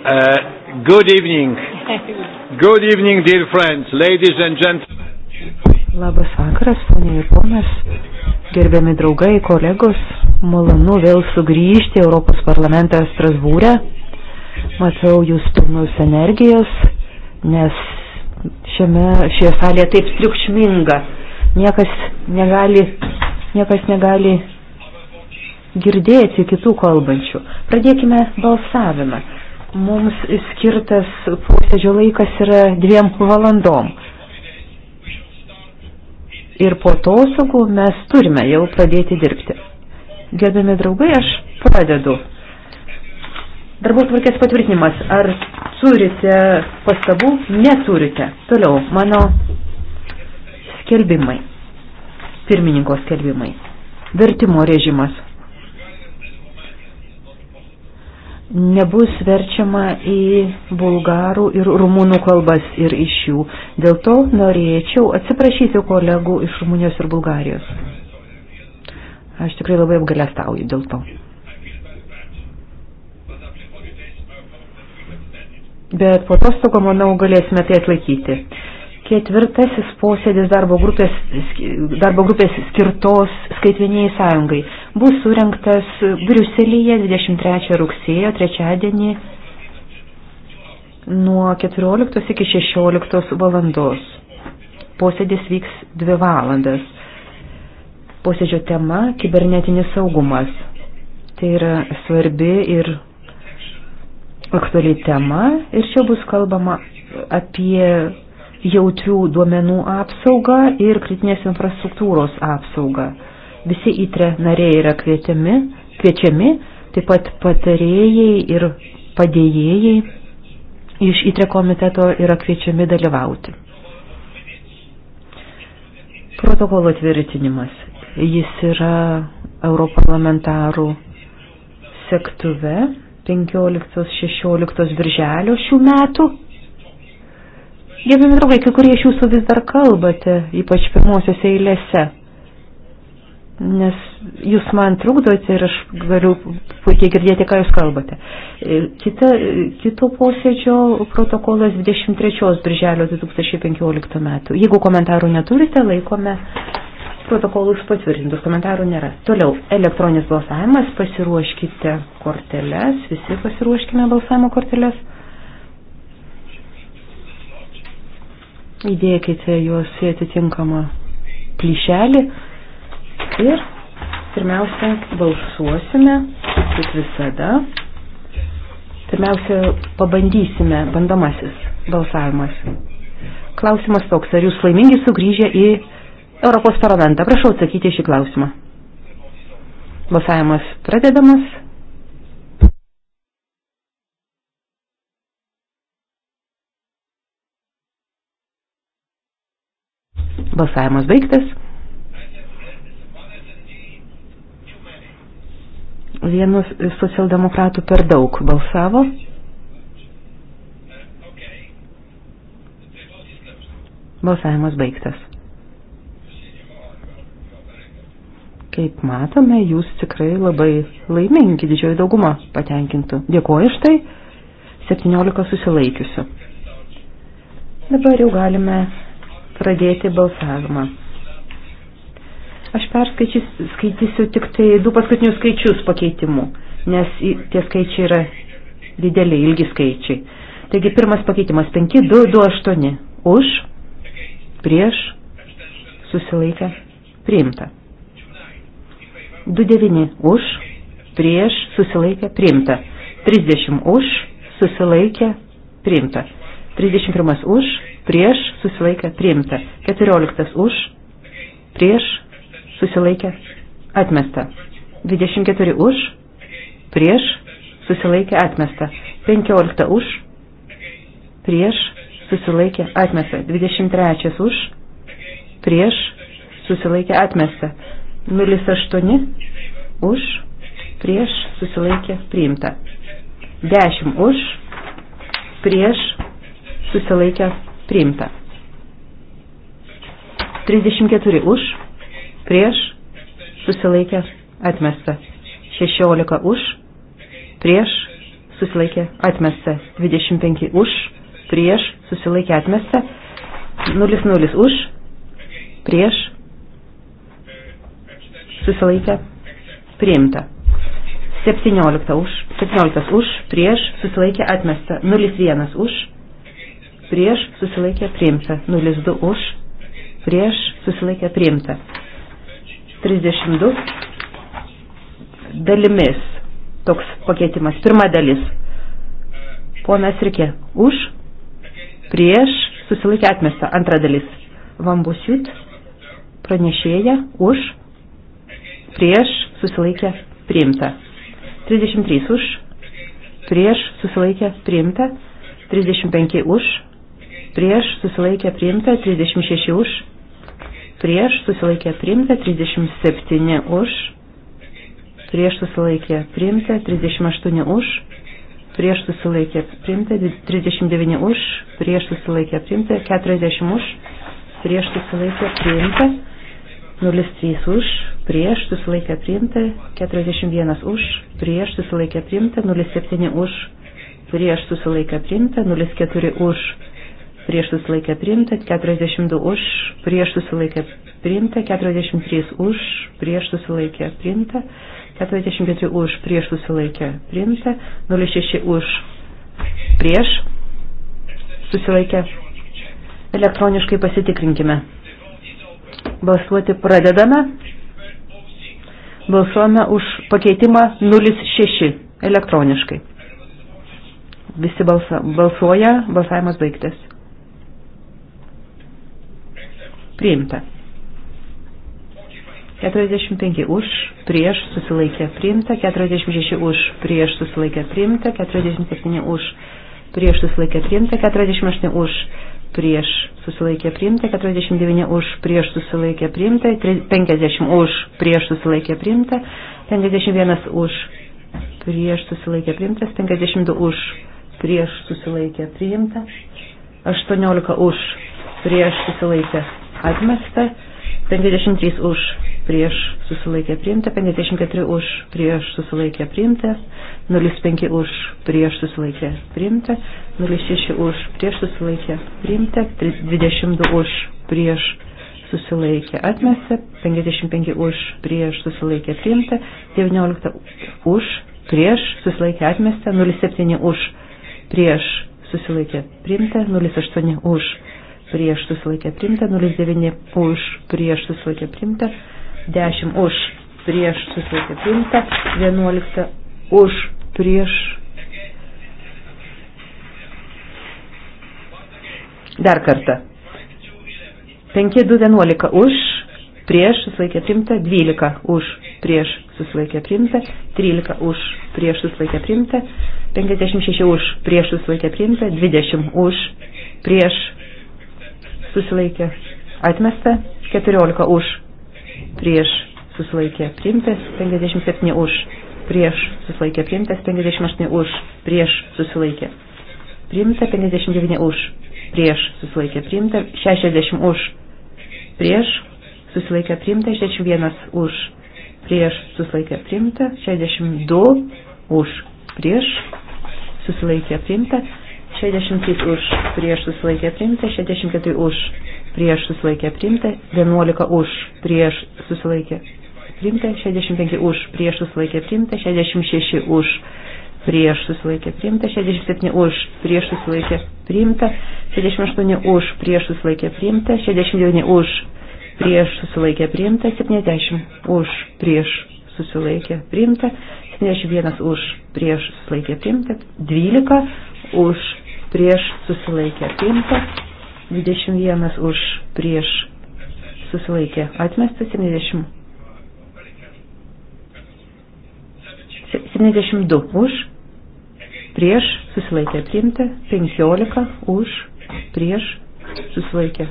Uh, good evening. Good evening, dear friends, ladies and gentlemen. Labas vakaras, ponė ir ponas, gerbiami draugai, kolegos, malonu vėl sugrįžti Europos parlamentą Strasbūrę. Matau jūs pilnus energijos, nes šiame, šioje salėje taip triukšminga. Niekas negali, niekas negali girdėti kitų kalbančių. Pradėkime balsavimą. Mums skirtas posėdžio laikas yra dviem valandom. Ir po to, sakau, mes turime jau pradėti dirbti. Gerbiami draugai, aš pradedu. Darbos tvarkės patvirtinimas. Ar turite pastabų? Neturite. Toliau, mano skelbimai. Pirmininko skelbimai. Vertimo režimas. nebus verčiama į bulgarų ir rumunų kalbas ir iš jų. Dėl to norėčiau atsiprašyti kolegų iš Rumunijos ir Bulgarijos. Aš tikrai labai apgalestauju dėl to. Bet po atostogo, manau, galėsime tai atlaikyti. Ketvirtasis posėdis darbo grupės, darbo grupės skirtos skaitmeniai sąjungai bus surinktas Briuselyje 23 rugsėjo trečiadienį nuo 14 iki 16 valandos. Posėdis vyks dvi valandas. Posėdžio tema – kibernetinis saugumas. Tai yra svarbi ir aktuali tema ir čia bus kalbama apie jautrių duomenų apsaugą ir kritinės infrastruktūros apsaugą. Visi įtre nariai yra kviečiami, kviečiami taip pat patarėjai ir padėjėjai iš įtre komiteto yra kviečiami dalyvauti. Protokolo tvirtinimas. Jis yra europarlamentarų sektuve 15-16 birželio šių metų. Gerbimi draugai, kai kurie iš jūsų vis dar kalbate, ypač pirmosiose eilėse nes jūs man trukdote ir aš galiu puikiai girdėti, ką jūs kalbate. E, kita, kito posėdžio protokolas 23 birželio 2015 metų. Jeigu komentarų neturite, laikome protokolus patvirtintus, komentarų nėra. Toliau, elektroninis balsavimas, pasiruoškite korteles, visi pasiruoškime balsavimo korteles. Įdėkite juos į atitinkamą plyšelį. Ir pirmiausia, balsuosime, kaip visada. Pirmiausia, pabandysime bandomasis balsavimas. Klausimas toks, ar jūs laimingi sugrįžę į Europos parlamentą? Prašau atsakyti šį klausimą. Balsavimas pradedamas. Balsavimas baigtas. Vienu socialdemokratų per daug balsavo. Balsavimas baigtas. Kaip matome, jūs tikrai labai laimingi, didžioji dauguma patenkintų. Dėkuoju iš tai, 17 susilaikiusių. Dabar jau galime pradėti balsavimą. Aš perskaitysiu tik tai du paskutinius skaičius pakeitimų, nes tie skaičiai yra dideli, ilgi skaičiai. Taigi pirmas pakeitimas 5, 2, 2, 8. Už, prieš, susilaikę, priimta. 2, 9. Už, prieš, susilaikę, priimta. 30 už, susilaikę, priimta. 31 už, prieš, susilaikę, priimta. 14 už, prieš, susilaikė, atmesta. 24 už, prieš, susilaikė, atmesta. 15 už, prieš, susilaikė, atmesta. 23 už, prieš, susilaikė, atmesta. 08 už, prieš, susilaikė, priimta. 10 už, prieš, susilaikė, priimta. 34 už, prieš, susilaikė, atmesta. 16 už, prieš, susilaikė, atmesta. 25 už, prieš, susilaikė, atmesta. 00 už, prieš, susilaikė, priimta. 17 už, 17 už, prieš, susilaikė, atmesta. 01 už, prieš, susilaikė, priimta. 02 už, prieš, susilaikė, priimta. 32 dalimis toks pakeitimas. Pirma dalis. Ponas Rikė. Už, prieš, susilaikė atmesta. Antra dalis. Vambusiut, pranešėja, už, prieš, susilaikė, priimta. 33 už, prieš, susilaikė, priimta. 35 už, prieš, susilaikė, priimta. 36 už, prieš susilaikė priimta, 37 už, prieš susilaikė priimta, 38 už, prieš susilaikė priimta, 39 už, prieš susilaikė priimta, 40 už, prieš susilaikė priimta, 03 už, prieš susilaikė priimta, 41 už, prieš susilaikė priimta, 07 už, prieš susilaikė priimta, 04 už prieš susilaikę priimta, 42 už, prieš susilaikę priimta, 43 už, prieš susilaikę priimta, 44 už, prieš susilaikę priimta, 06 už, prieš susilaikę. Elektroniškai pasitikrinkime. Balsuoti pradedame. Balsuojame už pakeitimą 06 elektroniškai. Visi balsa, balsuoja, balsavimas baigtas. priimta. 45 už, prieš susilaikė priimta, 46 už, prieš susilaikė priimta, 47 už, prieš susilaikė priimta, 48 už, prieš susilaikė priimta, 49 už, prieš susilaikė priimta, 50 už, prieš susilaikė priimta, 51 už, prieš susilaikė priimtas, 52 už, prieš susilaikė priimta, 18 už, prieš susilaikė atmesta, 53 už prieš susilaikė priimta, 54 už prieš susilaikė priimta, 05 už prieš susilaikė priimta, 06 už prieš susilaikė priimta, 22 už prieš susilaikė atmesta, 55 už prieš susilaikė priimta, 19 už prieš susilaikė atmesta, 07 už prieš susilaikė priimta, 08 už prieš susilaikę primta, 09 už prieš susilaikę primta, 10 už prieš susilaikę primta, 11 už prieš. Dar kartą. 5-2-11 už, prieš susilaikė primta, 12 už, prieš susilaikė primta, 13 už, prieš susilaikė primta, 56 už, prieš susilaikė primta, 20 už, prieš susilaikė atmesta, 14 už, prieš susilaikė priimtas, 57 už, prieš susilaikė priimtas, 58 už, prieš susilaikė priimta, 59 už, prieš susilaikė priimta, 60 už, prieš susilaikė priimta, 61 už, prieš susilaikė priimta, 62 už, prieš susilaikė priimta, 63 už prieš susilaikę priimta, 64 už prieš susilaikę priimta, 11 už prieš susilaikę priimta, 65 už prieš susilaikę priimta, 66 už prieš susilaikę priimta, 67 už prieš susilaikę priimta, 68 už prieš susilaikę priimta, 69 už prieš susilaikę priimta, 70 už prieš susilaikė priimta, 71 už prieš susilaikė priimta, 12 už prieš susilaikė priimta, 21 už prieš susilaikė atmestas, 70. 72 už prieš susilaikė priimta, 15 už prieš susilaikė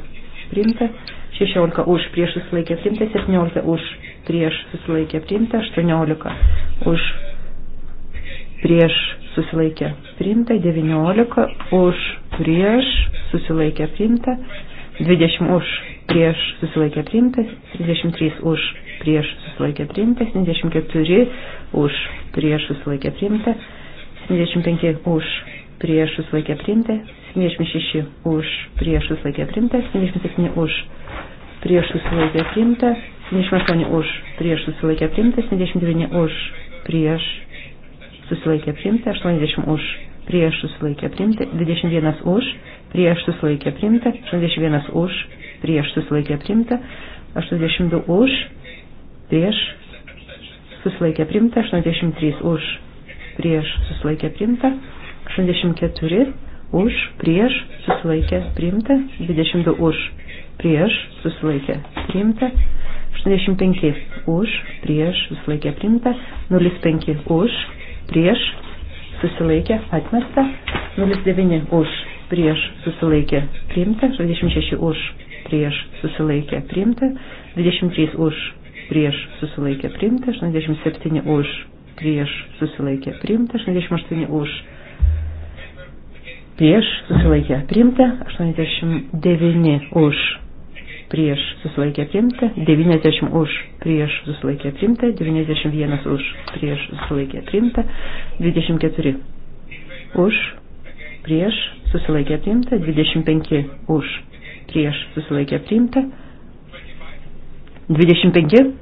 priimta, 16 už prieš susilaikė priimta, 17 už prieš susilaikė priimta, 18 už prieš susilaikė priimta, 19 už prieš susilaikė priimta, 20 už prieš susilaikė priimta, 33 už prieš susilaikė priimta, 74 už prieš susilaikė priimta, 75 už prieš susilaikė priimta, 76 už prieš susilaikė priimta, 77 už prieš susilaikė priimta, 78 už prieš susilaikė priimta, 79 už prieš susilaikė priimta, 80 už, prieš susilaikė priimta, 21 už, prieš susilaikė priimta, 81 už, prieš susilaikė priimta, 82 už, prieš susilaikė priimta, 83 už, prieš susilaikė priimta, 84 už, prieš susilaikė priimta, 22 už, prieš susilaikė priimta. 85 už, prieš, susilaikė primta, 05 už, prieš, susilaikė, atmesta, 09 už, prieš, susilaikė, priimta, 26 už, prieš, susilaikė, priimta, 23 už, prieš, susilaikė, priimta, 87 už, prieš, susilaikė, priimta, 88 už, prieš, susilaikė, priimta, 89 už prieš susilaikė primta, 90 už prieš susilaikė primta, 91 už prieš susilaikė primta, 24 už prieš susilaikė primta, 25 už prieš susilaikė primta, 25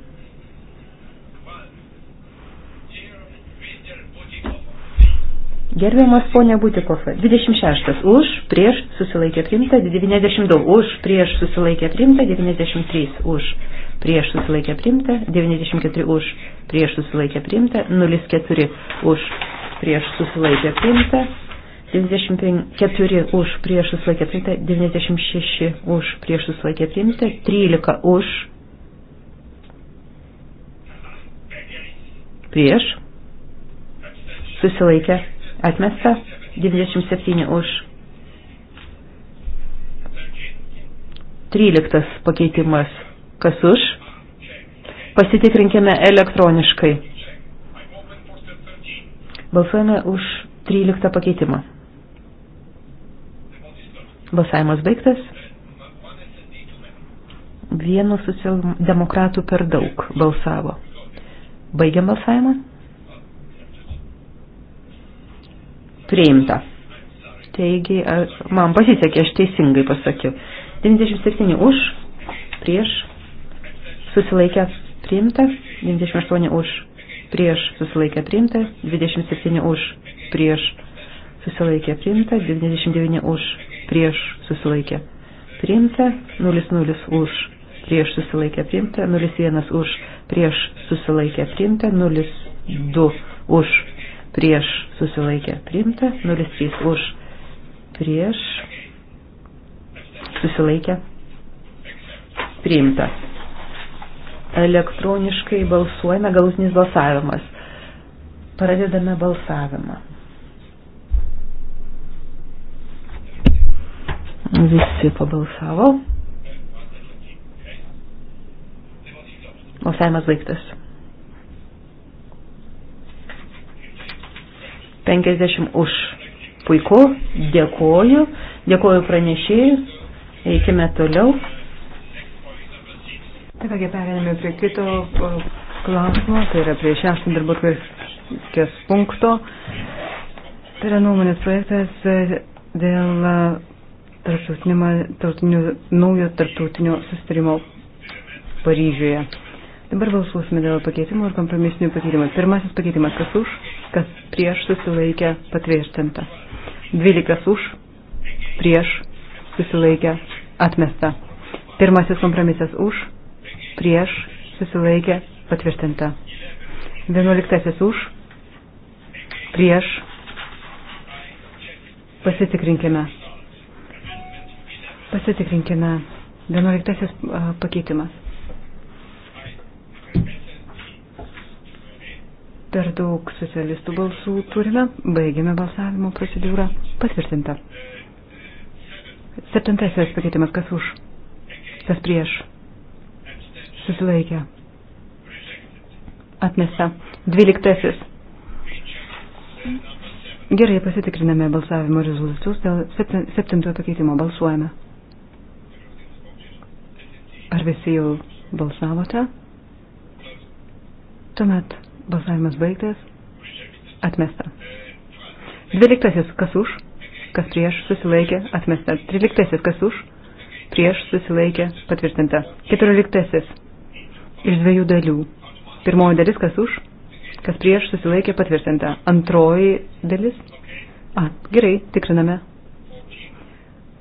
Gerbiamas ponė Butikova, 26 už, prieš susilaikė primta, 92 už, prieš susilaikė primta, 93 už, prieš susilaikė primta, 94 už, prieš susilaikė primta, 04 už, prieš susilaikė primta, 94 už, prieš susilaikė primta, 96 už, prieš susilaikė primta, 13 už, prieš susilaikė primta Atmesta. 97 už. 13 pakeitimas. Kas už? Pasitikrinkime elektroniškai. Balsuojame už 13 pakeitimą. Balsavimas baigtas. Vienu socialdemokratų per daug balsavo. Baigiam balsavimą. priimta. Taigi, man pasisekė, aš teisingai pasakiau. 97 už, prieš, susilaikė priimta, 98 už, prieš, susilaikė priimta, 27 už, prieš, susilaikė priimta, 99 už, prieš, susilaikė priimta, 00 už, prieš, susilaikė priimta, 01 už, prieš, susilaikė priimta, 02 už, prieš susilaikė priimta, 03 už prieš susilaikė priimta. Elektroniškai balsuojame galutinis balsavimas. Pradedame balsavimą. Visi pabalsavo. Balsavimas baigtas. 50 už. Puiku, dėkoju, dėkoju pranešėjai, eikime toliau. Taip, kągi perėmėme prie kito klausimo, tai yra prie šešto darbo tvarkės punkto. Tai yra nuomonės projektas e, dėl e, tarptautinio, naujo tarptautinio sustarimo Paryžiuje. Dabar balsuosime dėl pakeitimų ir kompromisinių pakeitimų. Pirmasis pakeitimas, kas už? prieš susilaikę patvirtinta. 12 už, prieš susilaikę atmesta. Pirmasis kompromisas už, prieš susilaikę patvirtinta. 11 už, prieš pasitikrinkime. Pasitikrinkime. 11 pakeitimas. Per daug socialistų balsų turime. Baigėme balsavimo procedūrą. Patvirtinta. Septintasis pakeitimas. Kas už? Kas prieš? Susilaikė. Atmesta. Dvyliktasis. Gerai, pasitikriname balsavimo rezultatus dėl septintojo pakeitimo. Balsuojame. Ar visi jau balsavote? Tuomet Balsavimas baigtas. Atmesta. Dvyliktasis, kas už, kas prieš, susilaikė, atmesta. Tryliktasis, kas už, prieš, susilaikė, patvirtinta. Keturioliktasis, iš dviejų dalių. Pirmoji dalis, kas už, kas prieš, susilaikė, patvirtinta. Antroji dalis. A, gerai, tikriname.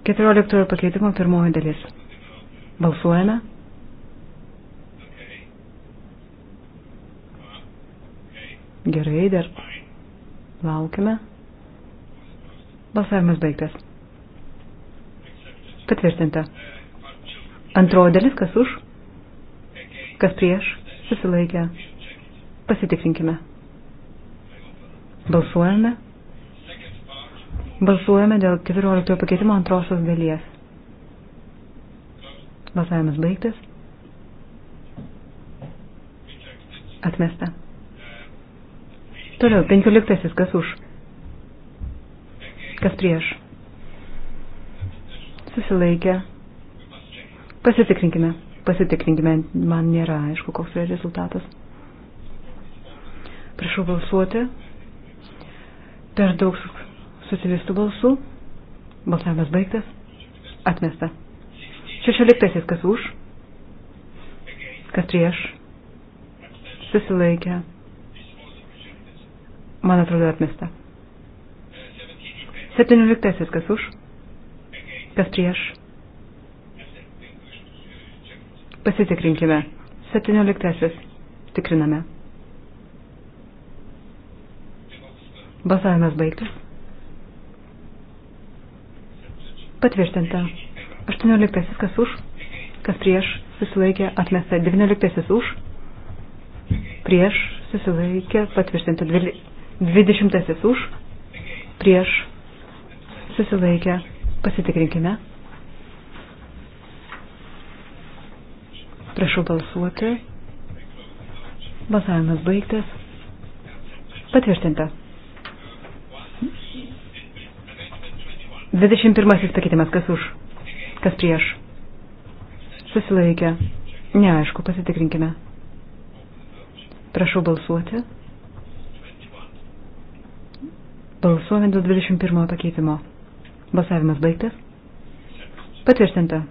Keturioliktojo pakeitimo pirmoji dalis. Balsuojame. Gerai, dar laukime. Balsavimas baigtas. Patvirtinta. Antroji dalis, kas už, kas prieš, susilaikę. Pasitikrinkime. Balsuojame. Balsuojame dėl 14 pakeitimo antrosios dalies. Balsavimas baigtas. Atmesta. Toliau, penkioliktasis, kas už? Kas prieš? Susilaikė. Pasitikrinkime. Pasitikrinkime, man nėra aišku, koks yra rezultatas. Prašau balsuoti. Per daug socialistų balsų. Balsavimas baigtas. Atmesta. Šešioliktasis, kas už? Kas prieš? Susilaikė Man atrodo atmesta. 17. Kas už? Kas prieš? Pasitikrinkime. 17. Tikriname. Balsavimas baigtas. Patvirtinta. 18. Kas už? Kas prieš? Susilaikė. Atmesta. 19. Už? Prieš? Susilaikė. Patvirtinta. 20. Dvidešimtasis už, prieš, susilaikę, pasitikrinkime. Prašau balsuoti. Balsavimas baigtas. Patvirtinta. 21 pakeitimas, kas už, kas prieš. Susilaikę. Neaišku, pasitikrinkime. Prašau balsuoti. Balsuojame dėl 21 pakeitimo. Balsavimas baigtas. Patvirtinta.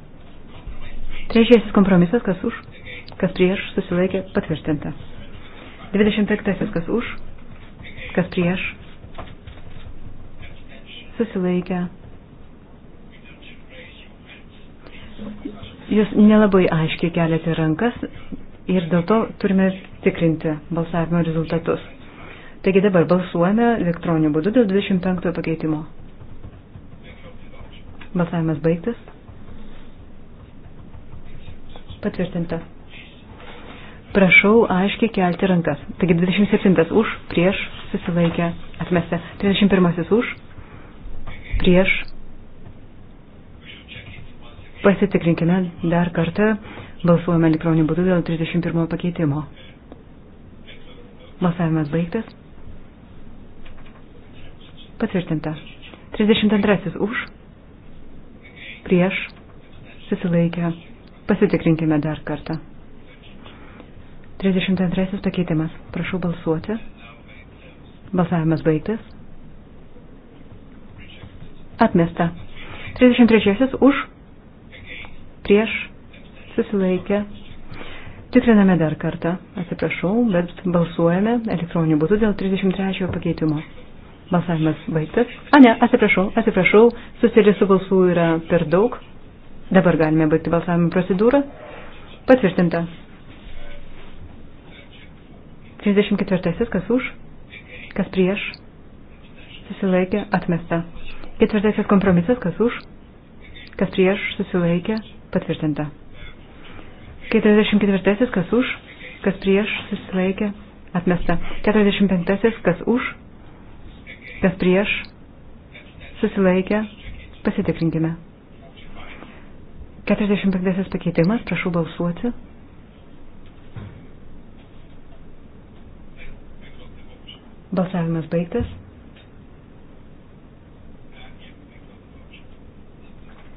Trečiasis kompromisas, kas už, kas prieš, susilaikė, patvirtinta. 25. kas už, kas prieš, susilaikė. Jūs nelabai aiškiai keliate rankas ir dėl to turime tikrinti balsavimo rezultatus. Taigi dabar balsuojame elektroniniu būdu dėl 25 pakeitimo. Balsavimas baigtas. Patvirtinta. Prašau aiškiai kelti rankas. Taigi 27 už, prieš, susilaikę, atmesta. 31 už, prieš. Pasitikrinkime dar kartą. Balsuojame elektroniniu būdu dėl 31 pakeitimo. Balsavimas baigtas. Patvirtinta. 32 už. Prieš. Susilaikę. Pasitikrinkime dar kartą. 32 pakeitimas. Prašau balsuoti. Balsavimas baigtas. Atmesta. 33 už. Prieš. Susilaikę. Tikriname dar kartą. Atsiprašau, bet balsuojame elektroniniu būdu dėl 33 pakeitimo. Balsavimas baigtas. A, ne, atsiprašau, atsiprašau, socialistų balsų yra per daug. Dabar galime baigti balsavimo procedūrą. Patvirtinta. 34. Kas už? Kas prieš? Susilaikė, atmesta. Ketvirtasis kompromisas, kas už? Kas prieš, susilaikė, patvirtinta. 44. Kas už? Kas prieš, susilaikė, atmesta. 45. Kas už? kas prieš, susilaikę, pasitikrinkime. 45 pakeitimas, prašau balsuoti. Balsavimas baigtas.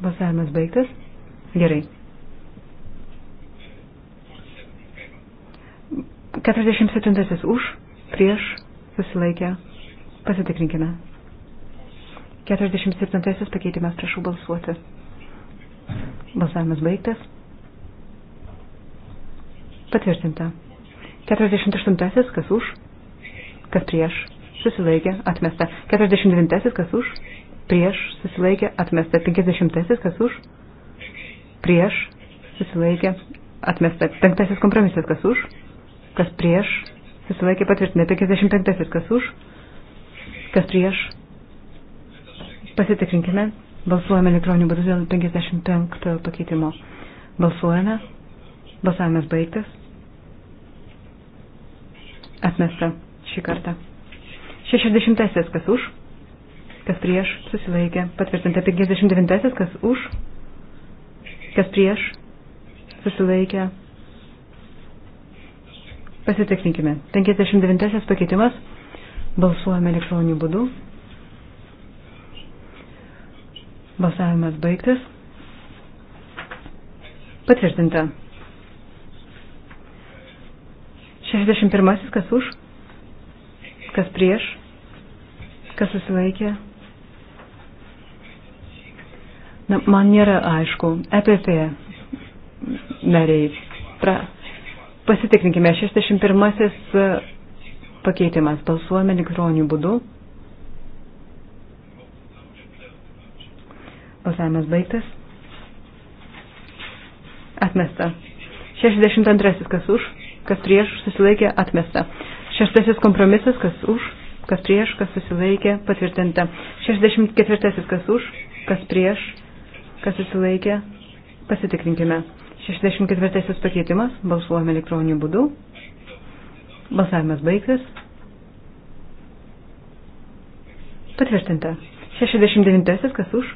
Balsavimas baigtas. Gerai. 47 už, prieš, susilaikę, Pasitikrinkime. 47 pakeitimas, prašau balsuoti. Balsavimas baigtas. Patvirtinta. 48 kas už, kas prieš, susilaikė, atmesta. 49 kas už, prieš, susilaikė, atmesta. 50 kas už, prieš, susilaikė, atmesta. 5 kompromisas kas už, kas prieš, susilaikė, patvirtinta. 55 kas už Kas prieš? Pasitikrinkime. Balsuojame elektroniniu būdu dėl 55 pakeitimo. Balsuojame. Balsavimas baigtas. Atmesta šį kartą. 60 kas už, kas prieš, susilaikė. Patvirtinta 59 kas už, kas prieš, susilaikė. Pasitikrinkime. 59 pakeitimas. Balsuojame elektroniniu būdu. Balsavimas baigtas. Patvirtinta. 61. Kas už? Kas prieš? Kas susilaikė? Na, man nėra aišku. EPP nariai. Pra... Pasitikrinkime. 61 pakeitimas. Balsuojame elektroniniu būdu. Balsavimas baigtas. Atmesta. 62. Kas už, kas prieš, susilaikė, atmesta. Šeštasis kompromisas, kas už, kas prieš, kas susilaikė, patvirtinta. 64. Kas už, kas prieš, kas susilaikė, pasitikrinkime. 64. pakeitimas, balsuojame elektroniniu būdu. Balsavimas baigtas. Patvirtinta. 69. Kas už?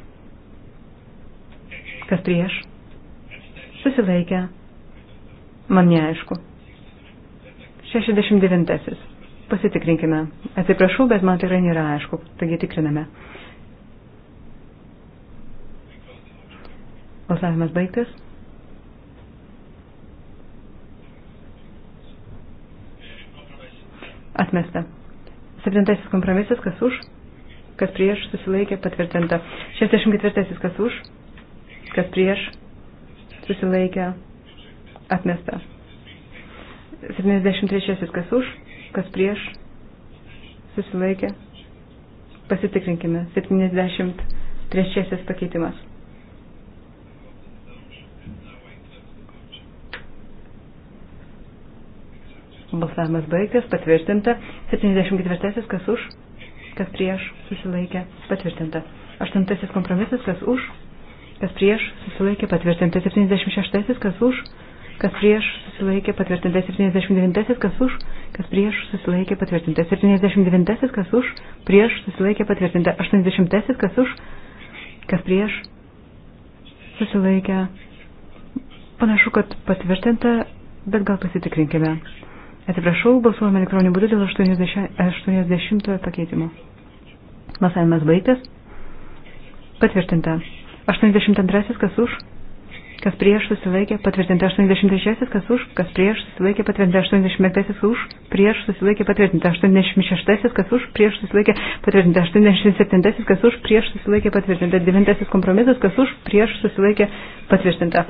Kas prieš? Susilaikę. Man neaišku. 69. Pasitikrinkime. Atsiprašau, bet man tikrai nėra aišku. Taigi tikriname. Balsavimas baigtas. Atmesta. Septintasis kompromisas, kas už, kas prieš, susilaikė, patvirtinta. 64. kas už, kas prieš, susilaikė, atmesta. 73. kas už, kas prieš, susilaikė. Pasitikrinkime. 73. pakeitimas. Balsavimas baigtas, patvirtinta. 74. Kas už, kas prieš, susilaikė, patvirtinta. 8. Kompromisas, kas už, kas prieš, susilaikė, patvirtinta. 76. Kas už, kas prieš, susilaikė, patvirtinta. 79. Kas už, kas prieš, susilaikė, patvirtinta. 79. Kas už, prieš, susilaikė, patvirtinta. 80. Kas už, kas prieš, susilaikė. Panašu, kad patvirtinta, bet gal pasitikrinkime. Atsiprašau, balsuojame elektroniniu būdu dėl 80, 80 pakeitimo. Balsavimas baigtas. Patvirtinta. 82 kas už, kas prieš susilaikė, patvirtinta 86 kas už, kas prieš susilaikė, patvirtinta 85 kas už, prieš susilaikė, patvirtinta 86 kas už, prieš susilaikė, patvirtinta 87 kas už, prieš susilaikė, patvirtinta 9 kompromisas kas už, prieš susilaikė, patvirtinta.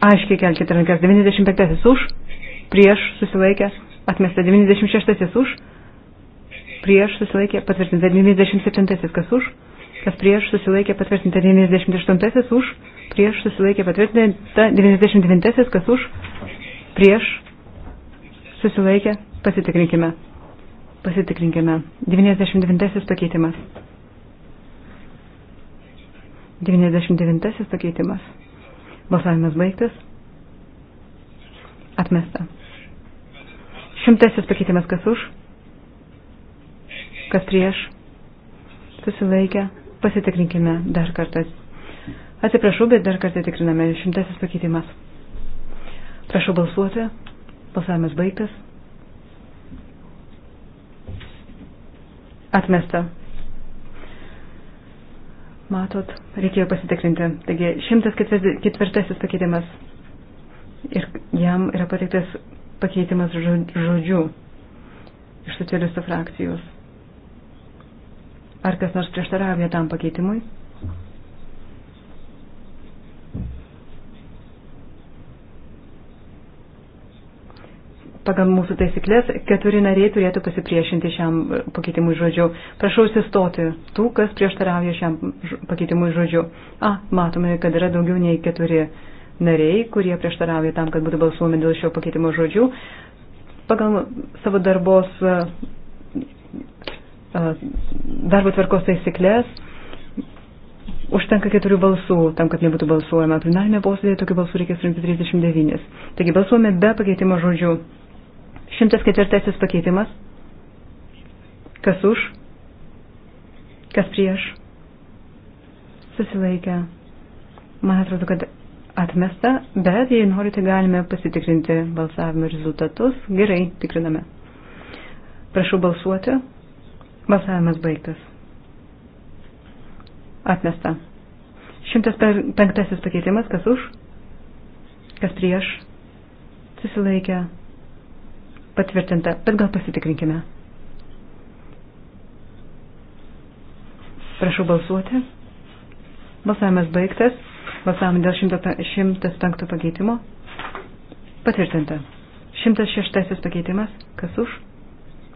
Aiškiai kelkite rankas. 95 už, prieš susilaikė, atmesta 96 už, prieš susilaikė, patvirtinta 97 kas už, kas prieš susilaikė, patvirtinta 98 už, prieš susilaikė, patvirtinta 99 kas už, prieš susilaikė, pasitikrinkime. Pasitikrinkime. 99 pakeitimas. 99 pakeitimas. Balsavimas baigtas. Atmesta. Šimtasis pakeitimas kas už, kas prieš, susilaikę. Pasitikrinkime dar kartą. Atsiprašau, bet dar kartą tikriname. Šimtasis pakeitimas. Prašau balsuoti. Balsavimas baigtas. Atmesta. Matot, reikėjo pasitikrinti. Taigi, 104 pakeitimas ir jam yra pateiktas pakeitimas žodžiu iš socialistų frakcijos. Ar kas nors prieštaravė tam pakeitimui? pagal mūsų taisyklės keturi nariai turėtų pasipriešinti šiam e, pakeitimui žodžiu. Prašau sustoti tų, kas prieštarauja šiam pakeitimui žodžiu. A, matome, kad yra daugiau nei keturi nariai, kurie prieštarauja tam, kad būtų balsuomi dėl šio pakeitimo žodžių. Pagal savo darbos, e, e, darbo tvarkos taisyklės Užtenka keturių balsų tam, kad nebūtų balsuojama. Plenarinė posėdė tokių balsų reikės rinkti 39. Taigi balsuojame be pakeitimo žodžių. 104 pakeitimas. Kas už? Kas prieš? Susilaikę. Man atrodo, kad atmesta, bet jei norite, galime pasitikrinti balsavimo rezultatus. Gerai, tikriname. Prašau balsuoti. Balsavimas baigtas. Atmesta. 105 pakeitimas. Kas už? Kas prieš? Susilaikę patvirtinta, bet gal pasitikrinkime. Prašau balsuoti. Balsavimas baigtas. Balsavimas dėl 105 pakeitimo. Patvirtinta. 106 pakeitimas. Kas už?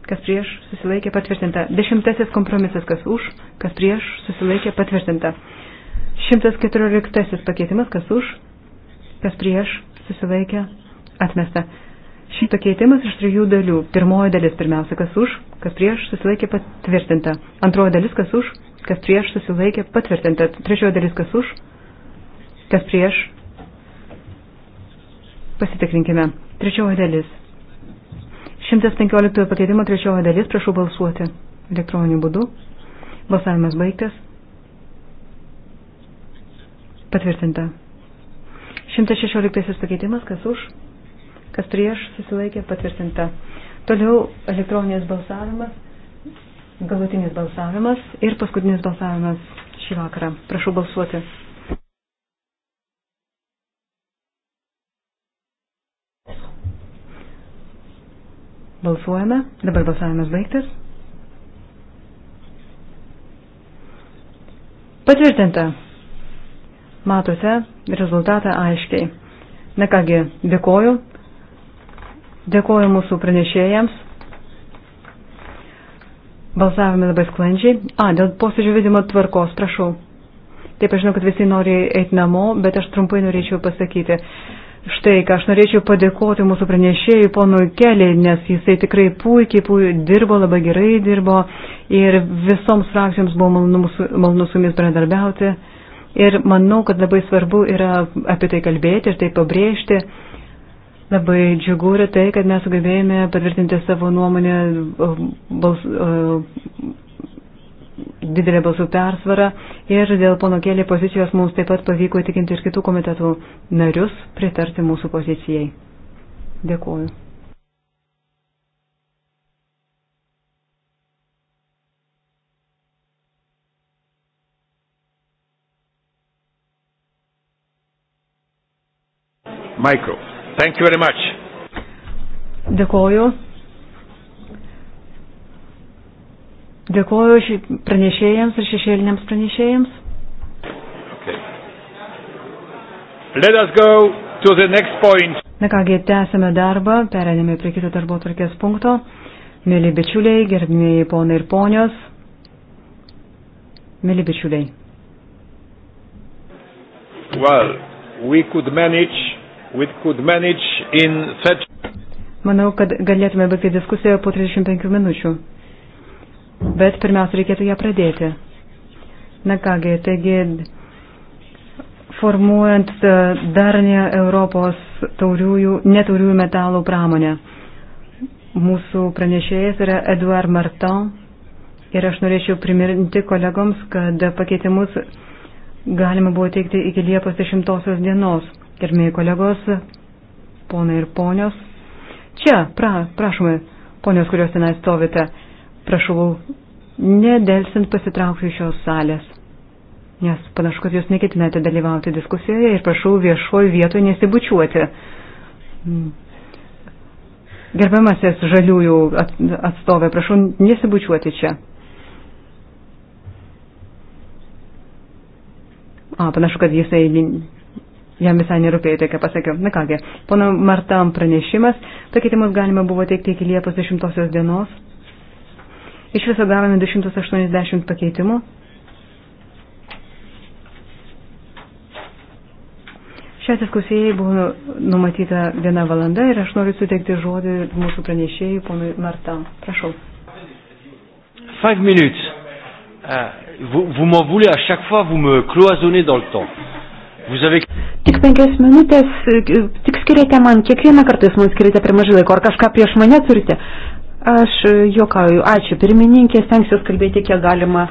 Kas prieš? Susilaikė patvirtinta. 10 kompromisas. Kas už? Kas prieš? Susilaikė patvirtinta. 114 pakeitimas. Kas už? Kas prieš? Susilaikė atmesta šį pakeitimas iš trijų dalių. Pirmoji dalis pirmiausia, kas už, kas prieš susilaikė patvirtinta. Antroji dalis, kas už, kas prieš susilaikė patvirtinta. Trečioji dalis, kas už, kas prieš. Pasitikrinkime. Trečioji dalis. 115 pakeitimo trečioji dalis, prašau balsuoti elektroniniu būdu. Balsavimas baigtas. Patvirtinta. 116 pakeitimas, kas už, kas prieš susilaikė patvirtinta. Toliau elektroninis balsavimas, galutinis balsavimas ir paskutinis balsavimas šį vakarą. Prašau balsuoti. Balsuojame. Dabar balsavimas baigtas. Patvirtinta. Matote rezultatą aiškiai. Na kągi, dėkoju Dėkuoju mūsų pranešėjams. Balsavome labai sklandžiai. A, dėl posėdžio vedimo tvarkos, prašau. Taip, aš žinau, kad visi nori eiti namo, bet aš trumpai norėčiau pasakyti. Štai, ką aš norėčiau padėkoti mūsų pranešėjui ponui Kelį, nes jisai tikrai puikiai, puikiai dirbo, labai gerai dirbo ir visoms frakcijoms buvo malonu su jumis bendradarbiauti. Ir manau, kad labai svarbu yra apie tai kalbėti ir tai pabrėžti Labai džiugu yra tai, kad mes sugebėjome patvirtinti savo nuomonę uh, bals, uh, didelę balsų persvarą ir dėl pono kėlė pozicijos mums taip pat pavyko įtikinti ir kitų komitetų narius pritarti mūsų pozicijai. Dėkuoju. Micro. Thank you very much. Dėkoju. Dėkoju pranešėjams ir šešėliniams pranešėjams. Okay. Let us go to the next point. Na kągi, tęsime darbą, perėmėme prie kito darbo tvarkės punkto. Mėly bičiuliai, gerbimieji ponai ir ponios, mėly bičiuliai. Well, we could manage Such... Manau, kad galėtume baigti diskusiją po 35 minučių. Bet pirmiausia, reikėtų ją pradėti. Na kągi, taigi formuojant e, darnę Europos tauriųjų, netauriųjų metalų pramonę. Mūsų pranešėjas yra Eduard Martin ir aš norėčiau priminti kolegoms, kad pakeitimus galima buvo teikti iki Liepos 10 dienos. Gerbėjai kolegos, ponai ir ponios. Čia, pra, prašome, ponios, kurios tenai stovite, prašau, nedelsint pasitraukti iš šios salės. Nes panašu, kad jūs neketinate dalyvauti diskusijoje ir prašau viešoji vietoje nesibučiuoti. Hmm. Gerbiamasis žaliųjų atstovė, prašau nesibučiuoti čia. A, panašu, kad jisai jam visai nerūpėjo tai, ką pasakiau. Na kągi, pono Martam pranešimas, pakeitimus galima buvo teikti iki Liepos 10 dienos. Iš viso gavome 280 pakeitimų. Šią diskusiją buvo numatyta viena valanda ir aš noriu suteikti žodį mūsų pranešėjai, ponui Martam. Prašau. 5 minutes. Uh, vous vous m'en voulez à chaque fois, vous me cloisonnez dans le temps avez... Tik penkias minutės, e, tik skiriate man, kiekvieną kartą jūs man skiriate per mažai laiko, ar kažką prieš mane turite? Aš e, jokauju, ačiū pirmininkė, stengsiuos kalbėti kiek galima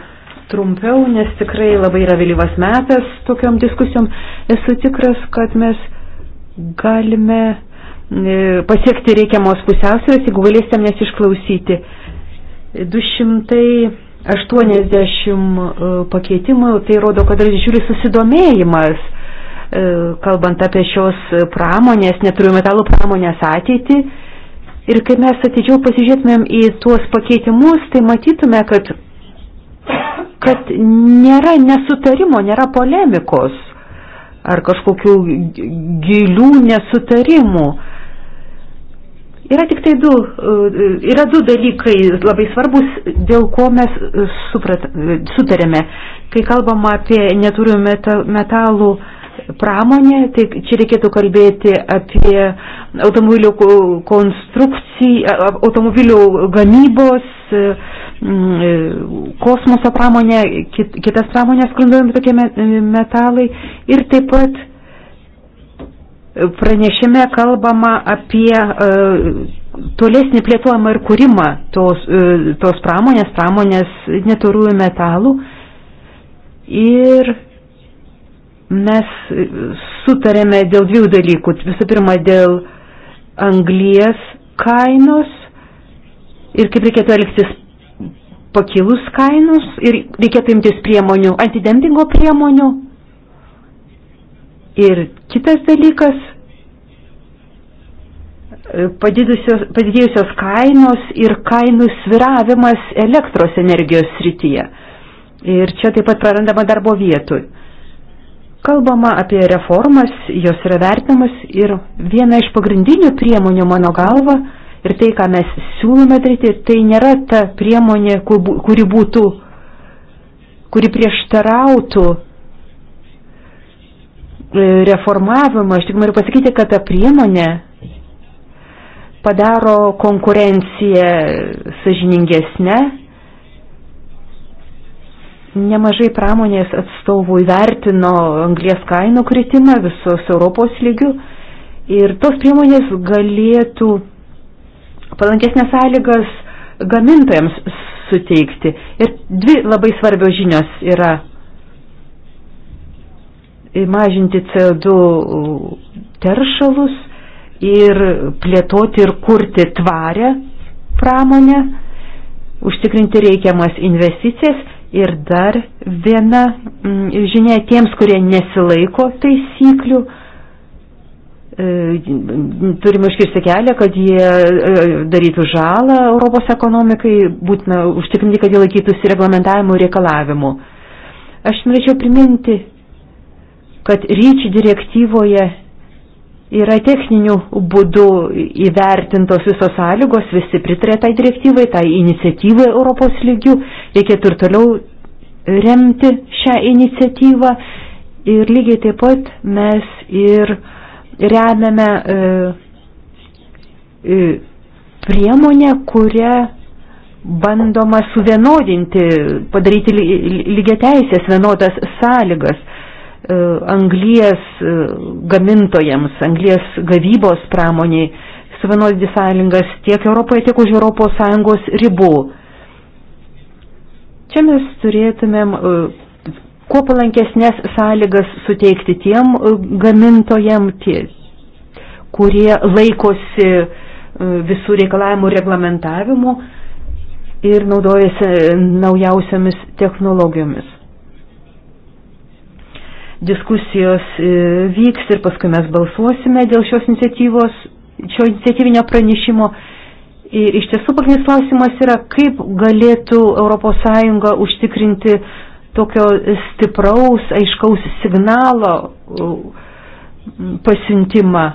trumpiau, nes tikrai labai yra vėlyvas metas tokiom diskusijom. Esu tikras, kad mes galime e, pasiekti reikiamos pusiausvės, jeigu galėsim nes išklausyti. 280 pakeitimų, tai rodo, kad yra didžiulis susidomėjimas E, kalbant apie šios pramonės, neturiu metalų pramonės ateitį. Ir kai mes atidžiau pasižiūrėtumėm į tuos pakeitimus, tai matytume, kad, kad nėra nesutarimo, nėra polemikos ar kažkokių gilių nesutarimų. Yra tik tai du, e, yra du dalykai labai svarbus, dėl ko mes e, suprat, sutarėme. Kai kalbam apie neturiu metalų, metalų pramonę, tai čia reikėtų kalbėti apie automobilių konstrukciją, automobilių gamybos, mm, kosmoso pramonę, kitas pramonės sklindojami tokie metalai ir taip pat pranešime kalbama apie e, tolesnį plėtojimą ir kūrimą tos, e, tos pramonės, pramonės neturųjų metalų ir Mes sutarėme dėl dviejų dalykų. Visų pirma, dėl anglies kainos ir kaip reikėtų elgtis pakilus kainus ir reikėtų imtis priemonių, antidempingo priemonių. Ir kitas dalykas, padidėjusios kainos ir kainų sviravimas elektros energijos srityje. Ir čia taip pat prarandama darbo vietų. Kalbama apie reformas, jos yra vertinamas ir viena iš pagrindinių priemonių mano galva ir tai, ką mes siūlome daryti, tai nėra ta priemonė, kuri būtų, kuri prieštarautų e, reformavimą. Aš tik noriu pasakyti, kad ta priemonė padaro konkurenciją sažiningesnę Nemažai pramonės atstovų įvertino anglės kainų kritimą visos Europos lygių ir tos priemonės galėtų palankesnės sąlygas gamintojams suteikti. Ir dvi labai svarbios žinios yra mažinti CO2 teršalus ir plėtoti ir kurti tvarę pramonę, užtikrinti reikiamas investicijas Ir dar viena mm, žinia tiems, kurie nesilaiko taisyklių, e, turime užkirsti kelią, kad jie e, darytų žalą Europos ekonomikai, būtina užtikrinti, kad jie laikytųsi reglamentavimų reikalavimų. Aš norėčiau priminti, kad ryčių direktyvoje yra techninių būdų įvertintos visos sąlygos, visi pritarė tai direktyvai, tai iniciatyvai Europos lygių, reikėtų ir toliau remti šią iniciatyvą ir lygiai taip pat mes ir remiame e, e, priemonę, kurią bandoma suvienodinti, padaryti lygiateisės vienodas sąlygas E, anglies e, gamintojams, anglies gavybos pramoniai suvienodinti sąlygas tiek Europoje, tiek už ES ribų. Čia mes turėtumėm e, kuo palankesnės sąlygas suteikti tiem gamintojam, tie, kurie laikosi visų reikalavimų reglamentavimu ir naudojasi naujausiamis technologijomis diskusijos e, vyks ir paskui mes balsuosime dėl šios iniciatyvos, šio iniciatyvinio pranešimo. Ir iš tiesų pagrindinis klausimas yra, kaip galėtų ES užtikrinti tokio stipraus, aiškaus signalo e, pasiuntimą,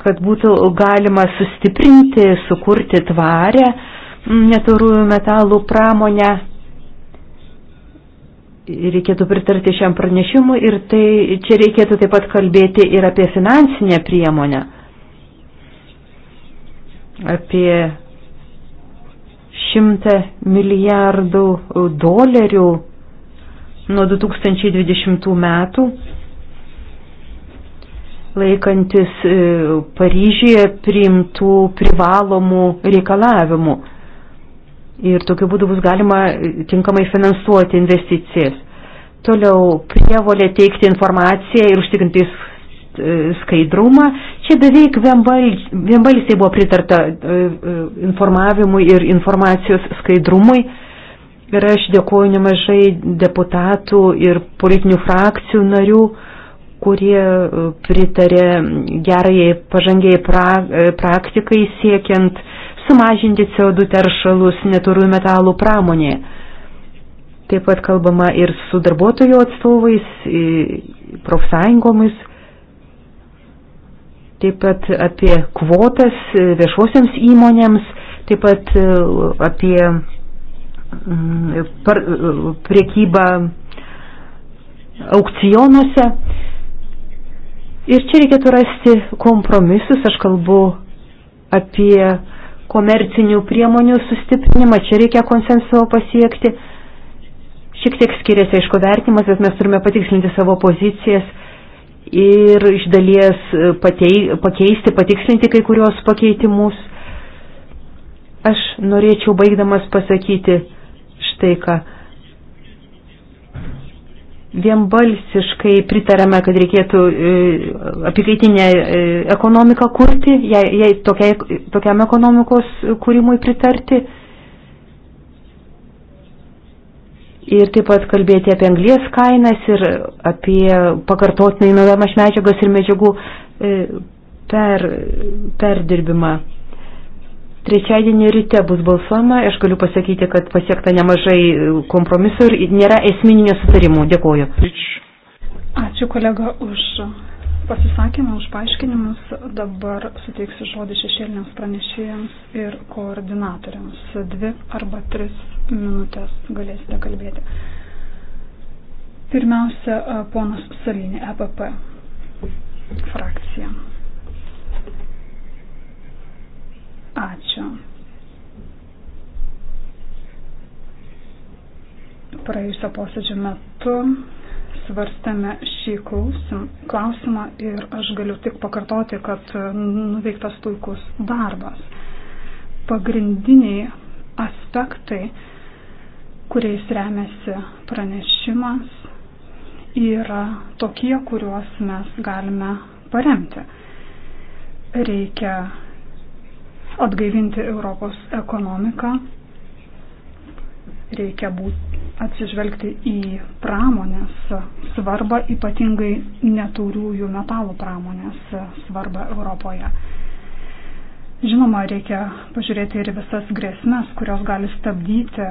kad būtų galima sustiprinti, sukurti tvarę netorųjų metalų pramonę reikėtų pritarti šiam pranešimui ir tai čia reikėtų taip pat kalbėti ir apie finansinę priemonę, apie šimtą milijardų dolerių nuo 2020 metų, laikantis e, Paryžyje priimtų privalomų reikalavimų ir tokiu būdu bus galima e, tinkamai finansuoti investicijas. Toliau prievolė teikti informaciją ir užtikrinti e, skaidrumą. Čia beveik vienbalsiai buvo pritarta e, informavimui ir informacijos skaidrumui. Ir aš dėkuoju nemažai deputatų ir politinių frakcijų narių, kurie pritarė gerai pažangiai pra, praktikai siekiant sumažinti CO2 teršalus neturių metalų pramonėje. Taip pat kalbama ir su darbuotojų atstovais, profsąjungomis, taip pat apie kvotas viešosiams įmonėms, taip pat apie par, priekybą aukcionuose. Ir čia reikėtų rasti kompromisus, aš kalbu apie komercinių priemonių sustiprinimą, čia reikia konsensuo pasiekti. Šiek tiek skiriasi, aišku, vertimas, bet mes turime patikslinti savo pozicijas ir iš dalies e, patei, pakeisti, patikslinti kai kurios pakeitimus. Aš norėčiau baigdamas pasakyti štai ką vienbalsiškai pritarame, kad reikėtų e, apikaitinę e, ekonomiką kurti, jei, jei tokia, tokiam ekonomikos kūrimui pritarti. Ir taip pat kalbėti apie anglies kainas ir apie pakartotinai naudojamas medžiagas ir medžiagų e, per, perdirbimą. Trečiadienį ryte bus balsuojama, aš galiu pasakyti, kad pasiekta nemažai kompromisų ir nėra esminio sutarimų. Dėkuoju. Ačiū kolega už pasisakymą, už paaiškinimus. Dabar suteiksiu žodį šešėliniams pranešėjams ir koordinatoriams. Dvi arba tris minutės galėsite kalbėti. Pirmiausia, ponas Salinė, EPP frakcija. Ačiū. Praėjusio posėdžio metu svarstame šį klausimą ir aš galiu tik pakartoti, kad nuveiktas puikus darbas. Pagrindiniai aspektai, kuriais remiasi pranešimas, yra tokie, kuriuos mes galime paremti. Reikia atgaivinti Europos ekonomiką. Reikia būti atsižvelgti į pramonės svarbą, ypatingai netauriųjų metalų pramonės svarbą Europoje. Žinoma, reikia pažiūrėti ir visas grėsmes, kurios gali stabdyti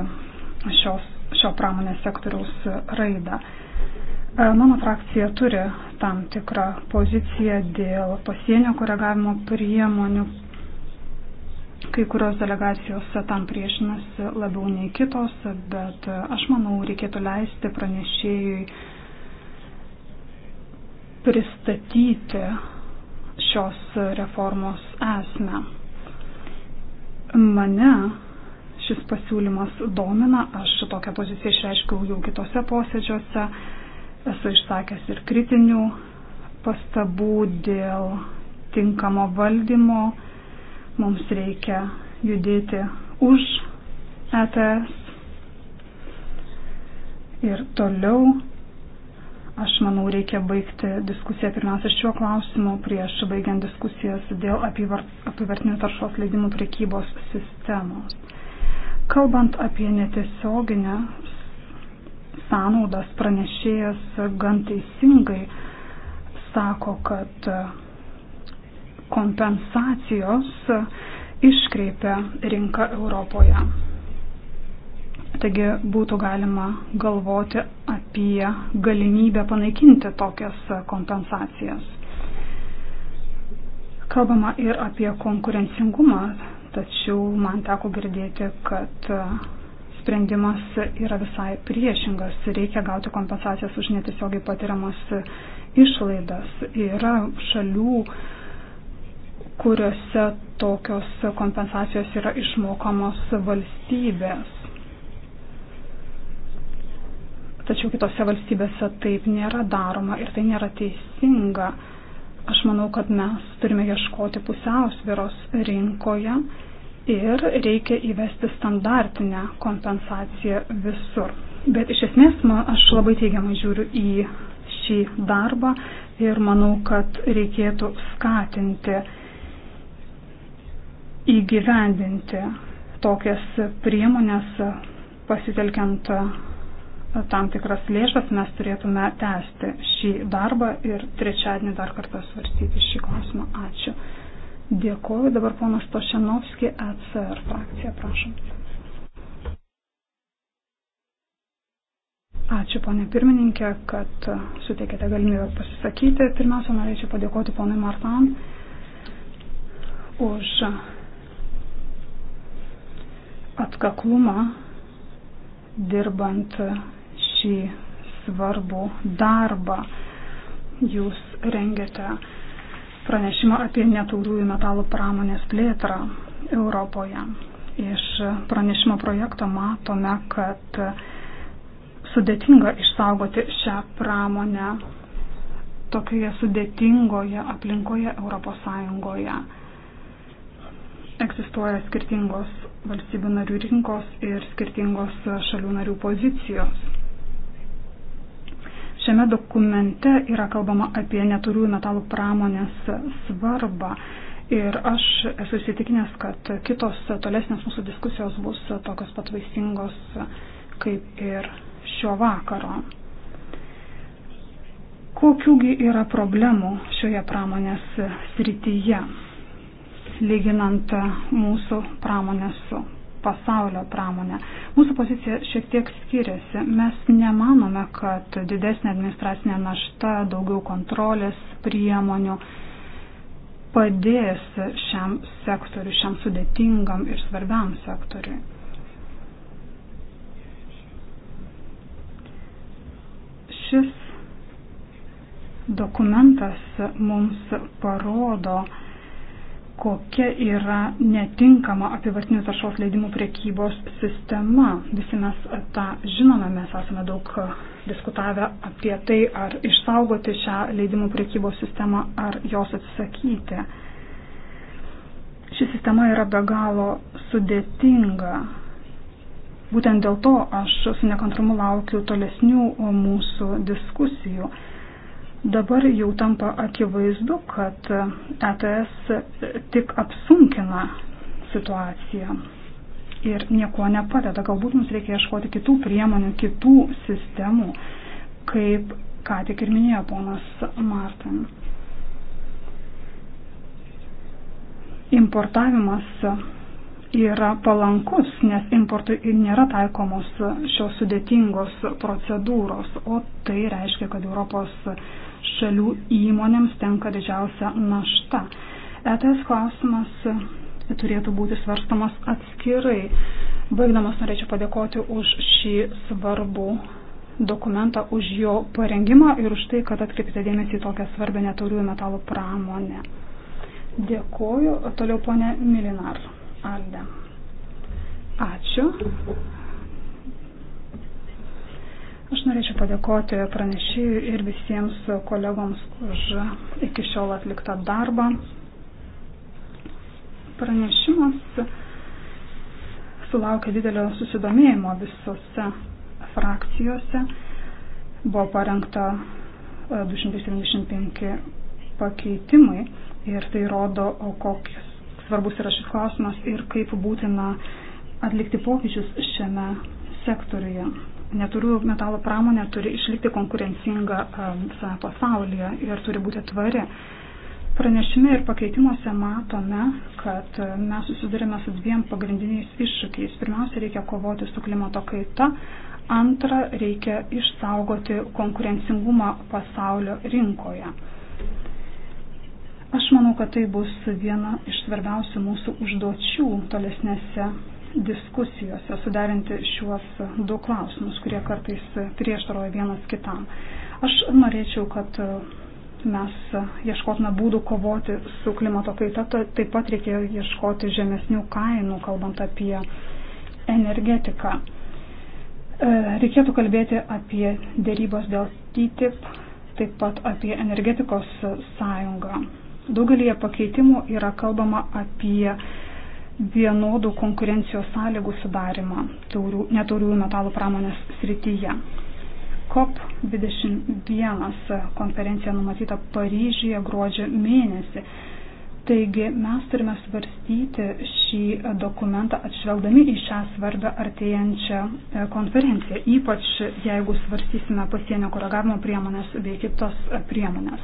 šios, šio pramonės sektoriaus raidą. E, mano frakcija turi tam tikrą poziciją dėl pasienio koregavimo priemonių Kai kurios delegacijos tam priešinasi labiau nei kitos, bet aš manau, reikėtų leisti pranešėjui pristatyti šios reformos esmę. Mane šis pasiūlymas domina, aš tokią poziciją išreiškiau jau kitose posėdžiuose, esu išsakęs ir kritinių pastabų dėl tinkamo valdymo Mums reikia judėti už ETS ir toliau. Aš manau, reikia baigti diskusiją pirmiausia šiuo klausimu prieš baigiant diskusijas dėl apivartinių taršos leidimų prekybos sistemos. Kalbant apie netiesioginę sąnaudas, pranešėjas gan teisingai sako, kad kompensacijos iškreipia rinką Europoje. Taigi būtų galima galvoti apie galimybę panaikinti tokias kompensacijas. Kalbama ir apie konkurencingumą, tačiau man teko girdėti, kad sprendimas yra visai priešingas. Reikia gauti kompensacijas už netiesiogiai patiriamas išlaidas. Yra šalių, kuriuose tokios kompensacijos yra išmokamos valstybės. Tačiau kitose valstybėse taip nėra daroma ir tai nėra teisinga. Aš manau, kad mes turime ieškoti pusiausviros rinkoje ir reikia įvesti standartinę kompensaciją visur. Bet iš esmės man, aš labai teigiamai žiūriu į šį darbą ir manau, kad reikėtų skatinti įgyvendinti tokias priemonės pasitelkiant e, tam tikras lėšas mes turėtume tęsti šį darbą ir trečiadienį dar kartą svarstyti šį klausimą. Ačiū. Dėkuoju. Dabar ponas Tošenovski, ECR frakcija, prašom. Ačiū, ponė pirmininkė, kad suteikėte galimybę pasisakyti. Pirmiausia, norėčiau padėkoti ponui Martan už atkaklumą dirbant šį svarbų darbą. Jūs rengiate pranešimą apie netauriųjų metalų pramonės plėtrą Europoje. Iš pranešimo projekto matome, kad sudėtinga išsaugoti šią pramonę tokioje sudėtingoje aplinkoje ES. Egzistuoja skirtingos valstybių narių rinkos ir skirtingos šalių narių pozicijos. Šiame dokumente yra kalbama apie neturių metalų pramonės svarbą ir aš esu įsitikinęs, kad kitos tolesnės mūsų diskusijos bus tokios pat vaisingos kaip ir šio vakaro. Kokiųgi yra problemų šioje pramonės srityje? lyginant mūsų pramonę su pasaulio pramonę. Mūsų pozicija šiek tiek skiriasi. Mes nemanome, kad didesnė administracinė našta, daugiau kontrolės priemonių padės šiam sektoriu, šiam sudėtingam ir svarbiam sektoriui. Šis dokumentas mums parodo, kokia yra netinkama apivartinių taršos leidimų priekybos sistema. Visi mes tą žinome, mes esame daug diskutavę apie tai, ar išsaugoti šią leidimų priekybos sistemą, ar jos atsisakyti. Ši sistema yra be galo sudėtinga. Būtent dėl to aš su nekantrumu laukiu tolesnių mūsų diskusijų. Dabar jau tampa akivaizdu, kad ETS tik apsunkina situaciją ir nieko nepadeda. Galbūt mums reikia ieškoti kitų priemonių, kitų sistemų, kaip ką tik ir minėjo ponas Martin. Importavimas yra palankus, nes importui nėra taikomos šios sudėtingos procedūros, o tai reiškia, kad Europos šalių įmonėms tenka didžiausia našta. ETS klausimas e, turėtų būti svarstamas atskirai. Baigdamas norėčiau padėkoti už šį svarbų dokumentą, už jo parengimą ir už tai, kad atkreipite dėmesį į tokią svarbę netauriųjų metalų pramonę. Dėkoju. Toliau ponė Milinar. Alde. Ačiū. Aš norėčiau padėkoti pranešėjui ir visiems kolegoms už iki šiol atliktą darbą. Pranešimas sulaukė didelio susidomėjimo visose frakcijose. Buvo parengta 275 e, pakeitimai ir tai rodo, kokius svarbus yra šis klausimas ir kaip būtina atlikti pokyčius šiame sektoriuje neturių metalo pramonė turi išlikti konkurencinga um, visame pasaulyje ir turi būti tvari. Pranešime ir pakeitimuose matome, kad um, mes susidurime su dviem pagrindiniais iššūkiais. Pirmiausia, reikia kovoti su klimato kaita, antra, reikia išsaugoti konkurencingumą pasaulio rinkoje. Aš manau, kad tai bus viena iš svarbiausių mūsų užduočių tolesnėse diskusijose suderinti šiuos du klausimus, kurie kartais prieštaroja vienas kitam. Aš norėčiau, kad e, mes ieškotume būdų kovoti su klimato kaita, taip pat reikėjo ieškoti žemesnių kainų, kalbant apie energetiką. E, reikėtų kalbėti apie dėrybos dėl TTIP, taip pat apie energetikos sąjungą. Daugelį pakeitimų yra kalbama apie vienodų konkurencijos sąlygų sudarimą netauriųjų metalų pramonės srityje. COP21 konferencija numatyta Paryžyje gruodžio mėnesį. Taigi mes turime svarstyti šį dokumentą atšvelgdami į šią svarbę artėjančią e, konferenciją, ypač jeigu svarstysime pasienio koregavimo priemonės bei kitas e, priemonės.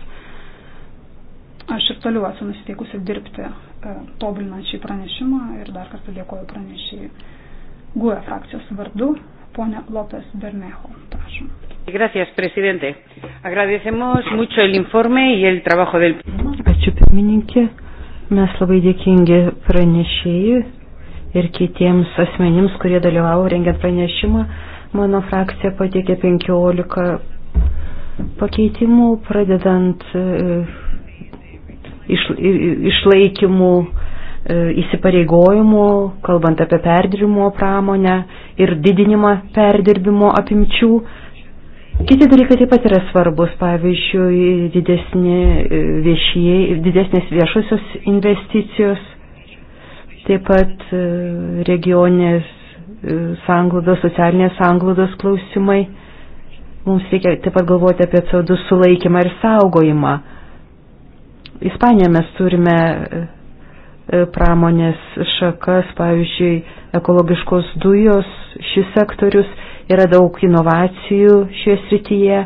Aš ir toliau esu nusiteikusi dirbti, e, tobulinant šį pranešimą ir dar kartą dėkoju pranešėjai GUE frakcijos vardu, ponė Lopes Bermejo. Prašom. Gracias, presidente. Agradecemos mucho el informe y el trabajo del. Ačiū pirmininkė. Mes labai dėkingi pranešėjai ir kitiems asmenims, kurie dalyvavo rengiant pranešimą. Mano frakcija pateikė 15 pakeitimų, pradedant e, išlaikymų, e, įsipareigojimų, kalbant apie perdirbimo pramonę ir didinimą perdirbimo apimčių. Kiti dalykai taip pat yra svarbus, pavyzdžiui, didesnė e, viešie, didesnės viešosios investicijos, taip pat e, regionės sanglaudos, socialinės sanglaudos klausimai. Mums reikia taip pat galvoti apie CO2 sulaikymą ir saugojimą Ispaniją mes turime e, e, pramonės šakas, pavyzdžiui, ekologiškos dujos, šis sektorius yra daug inovacijų šioje srityje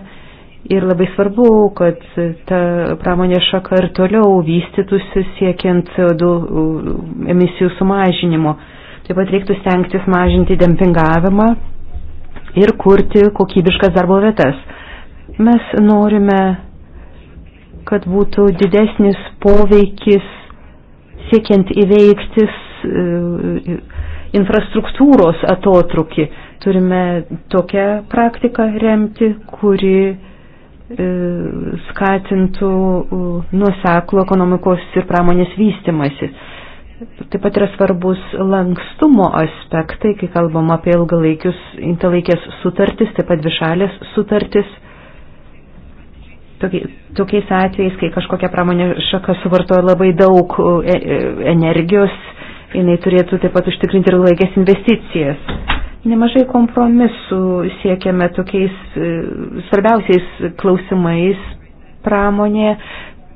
ir labai svarbu, kad ta pramonė šaka ir toliau vystytųsi siekiant CO2 emisijų sumažinimo. Taip pat reiktų stengtis mažinti dempingavimą ir kurti kokybiškas darbo vietas. Mes norime kad būtų didesnis poveikis siekiant įveiktis e, infrastruktūros atotrukį. Turime tokią praktiką remti, kuri e, skatintų nuseklų ekonomikos ir pramonės vystimasi. Taip pat yra svarbus lankstumo aspektai, kai kalbam apie ilgalaikius, intalaikės sutartis, taip pat višalės sutartis tokiais atvejais, kai kažkokia pramonė šaka suvartoja labai daug e, e, energijos, jinai turėtų taip pat užtikrinti ir laikės investicijas. Nemažai kompromisų siekiame tokiais e, svarbiausiais klausimais pramonė,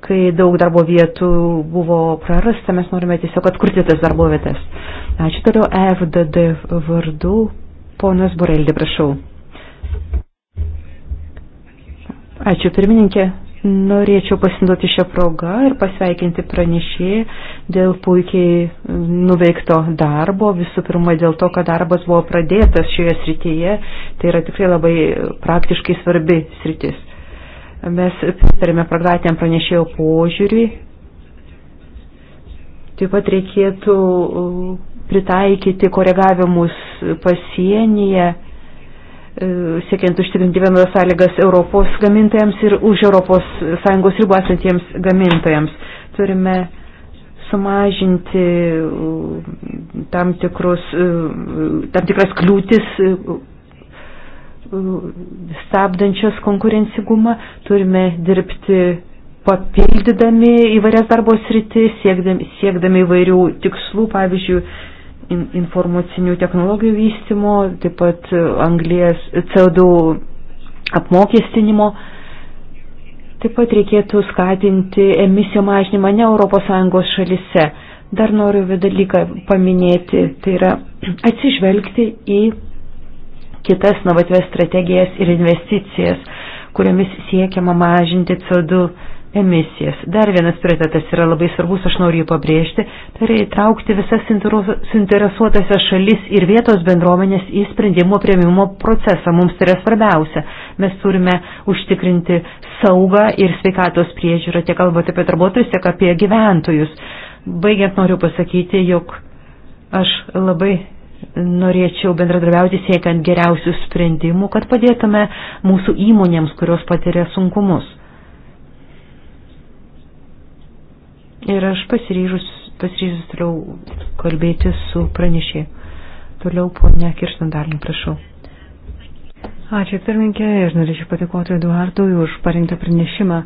kai daug darbo vietų buvo prarasta, mes norime tiesiog atkurti tas darbo vietas. Ačiū toliau FDD vardu, ponas Boreldi, prašau. Ačiū pirmininkė. Norėčiau pasinaudoti šią progą ir pasveikinti pranešėjai dėl puikiai mm, nuveikto darbo. Visų pirma, dėl to, kad darbas buvo pradėtas šioje srityje, tai yra tikrai labai praktiškai svarbi sritis. Mes pritarėme pragratiniam pranešėjo požiūriui. Taip pat reikėtų mm, pritaikyti koregavimus pasienyje E, siekiant užtikrinti vienodas sąlygas Europos gamintojams ir už ES ribų esantiems gamintojams. Turime sumažinti e, tam, tikrus, e, tam tikras kliūtis stabdančias konkurencigumą, turime dirbti papildydami įvairias darbo sritis, siekdami, siekdami įvairių tikslų, pavyzdžiui, informacinių technologijų vystimo, taip pat e, anglės CO2 apmokestinimo. Taip pat reikėtų skatinti emisijų mažinimą ne ES šalise. Dar noriu dalyką paminėti, tai yra atsižvelgti į kitas novatves strategijas ir investicijas, kuriomis siekiama mažinti CO2 emisijas. Dar vienas prioritetas yra labai svarbus, aš noriu jį pabrėžti, tai yra įtraukti visas suinteresuotasias šalis ir vietos bendruomenės į sprendimo prieimimo procesą. Mums tai yra svarbiausia. Mes turime užtikrinti saugą ir sveikatos priežiūrą, tiek kalbant apie darbuotojus, tiek apie gyventojus. Baigiant noriu pasakyti, jog aš labai norėčiau bendradarbiauti siekiant geriausių sprendimų, kad padėtume mūsų įmonėms, kurios patiria sunkumus. Ir aš pasiryžus, pasiryžus toliau kalbėti su pranešėju. Toliau ponia Kirstandalin, prašau. Ačiū pirmininkė ir norėčiau patikoti Eduardui už parinktą pranešimą.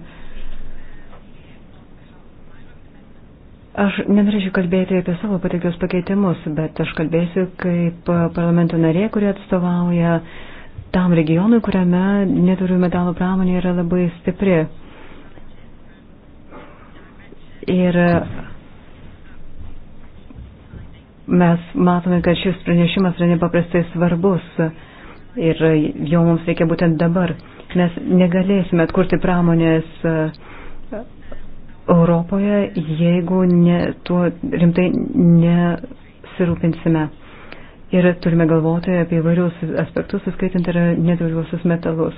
Aš nenorėčiau kalbėti apie savo patiktos pakeitimus, bet aš kalbėsiu kaip parlamento narė, kurie atstovauja tam regionui, kuriame neturiu metalo pramonė yra labai stipri. Ir mes matome, kad šis pranešimas yra nepaprastai svarbus ir jo mums reikia būtent dabar. Mes negalėsime atkurti pramonės e, Europoje, jeigu ne, tuo rimtai nesirūpinsime. Ir turime galvoti apie įvairius aspektus, įskaitant ir nedaugiausius metalus.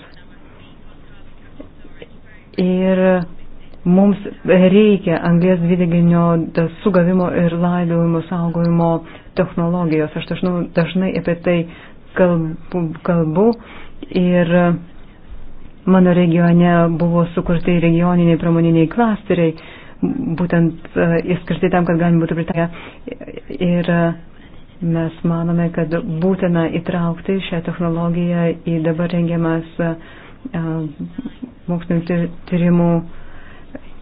Ir Mums reikia anglės dvideginio sugavimo ir laidojimo saugojimo technologijos. Aš dažnai, dažnai apie tai kalbu, kalbu ir mano regione buvo sukurti regioniniai pramoniniai klasteriai, būtent e, įskirti tam, kad galima būtų pritaikę. Ir e, mes manome, kad būtina įtraukti šią technologiją į dabar rengiamas e, mokslinio tyrimų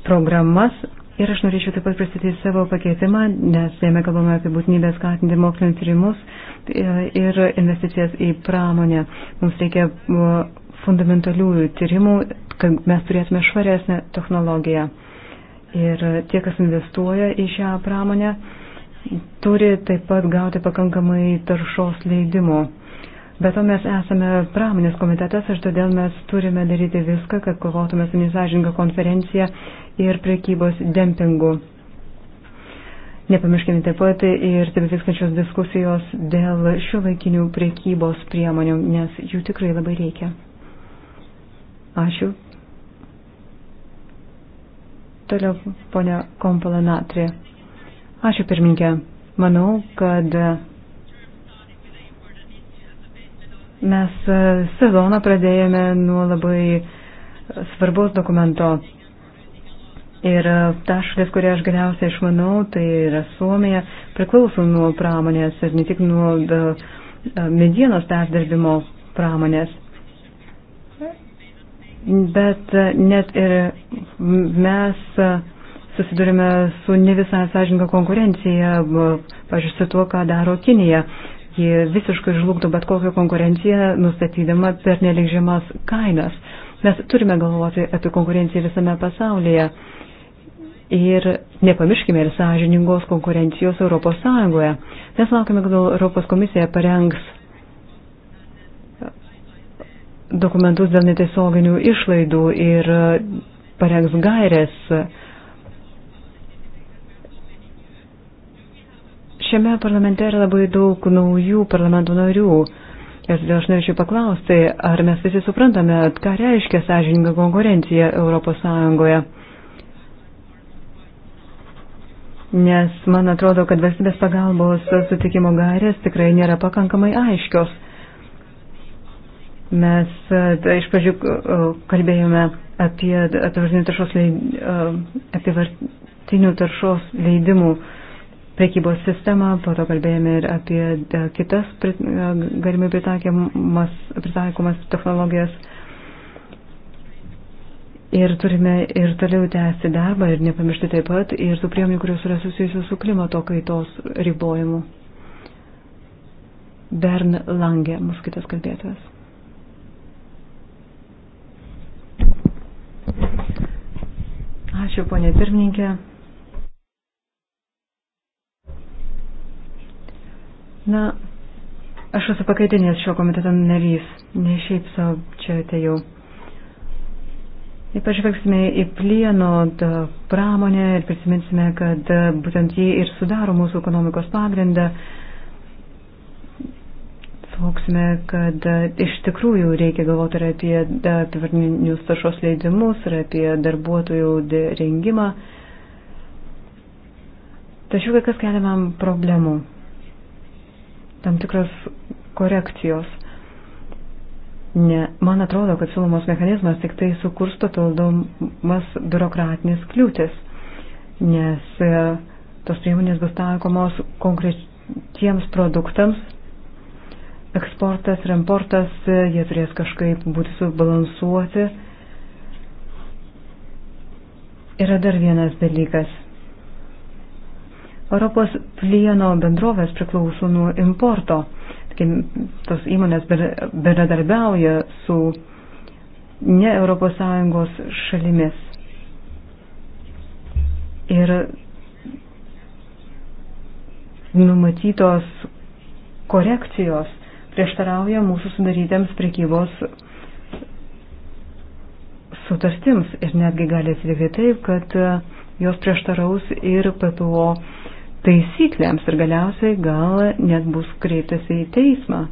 programas. Ir aš norėčiau taip pat pristatyti savo pakeitimą, nes jame kalbame apie būtinybę skatinti mokslinius tyrimus e, ir investicijas į pramonę. Mums reikia e, fundamentaliųjų tyrimų, kad mes turėtume švaresnę technologiją. Ir tie, kas investuoja į šią pramonę, turi taip pat gauti pakankamai taršos leidimų. Bet to mes esame pramonės komitetas ir todėl mes turime daryti viską, kad kovotume su nesažinga konferencija ir prekybos dempingu. Nepamirškime taip pat ir tebevykstančios diskusijos dėl šio laikinių prekybos priemonių, nes jų tikrai labai reikia. Ačiū. Toliau ponia Kompola Natrė. Ačiū pirminkė. Manau, kad mes sezoną pradėjome nuo labai svarbaus dokumento Ir e, ta šalis, kurią aš galiausiai išmanau, tai yra Suomija, priklauso nuo pramonės ir ne tik nuo e, e, medienos perdirbimo pramonės. Bet net ir mes susidurime su ne visai sąžininga konkurencija, pažiūrėjau, su tuo, ką daro Kinija. Ji visiškai žlugdo bet kokią konkurenciją, nustatydama per nelikžiamas kainas. Mes turime galvoti apie konkurenciją visame pasaulyje. Ir nepamirškime ir sąžiningos konkurencijos Europos Sąjungoje. Mes laukime, kad Europos komisija parengs dokumentus dėl netiesioginių išlaidų ir parengs gairės. Šiame parlamente yra labai daug naujų parlamento narių. Ir todėl aš norėčiau paklausti, ar mes visi suprantame, ką reiškia sąžininga konkurencija Europos Sąjungoje. nes man atrodo, kad valstybės pagalbos sutikimo gairės tikrai nėra pakankamai aiškios. Mes e, tai, iš pradžių e, kalbėjome apie apivartinių taršos, e, apivartinių taršos leidimų prekybos sistemą, po to kalbėjome ir apie kitas galimai pritaikomas technologijas. Ir turime ir toliau tęsti darbą ir nepamiršti taip pat ir tų priemonių, kurios yra susijusios su klimato kaitos ribojimu. Bern Lange, mūsų kitas kalbėtojas. Ačiū, ponė pirmininkė. Na, aš esu pakaitinės šio komiteto narys, ne šiaip savo čia atėjau. Tai Jei pažvelgsime į plieno pramonę ir prisiminsime, kad e, būtent jį ir sudaro mūsų ekonomikos pagrindą, suvoksime, kad e, iš tikrųjų reikia galvoti ir apie apivartinius taršos leidimus, ir apie darbuotojų rengimą. Tačiau kai kas kelia man problemų, tam tikros korekcijos. Ne, man atrodo, kad siūlomos mechanizmas tik tai sukurs papildomas biurokratinės kliūtis, nes e, tos priemonės bus taikomos konkrečiems produktams, eksportas ir importas, e, jie turės kažkaip būti subalansuoti. Yra dar vienas dalykas. Europos plieno bendrovės priklauso nuo importo tos įmonės bendradarbiauja su ne ES šalimis. Ir numatytos korekcijos prieštarauja mūsų sudarytėms prekybos sutartims ir netgi gali atsitikti taip, kad jos prieštaraus ir PPO taisyklėms ir galiausiai gal net bus kreiptasi į teismą.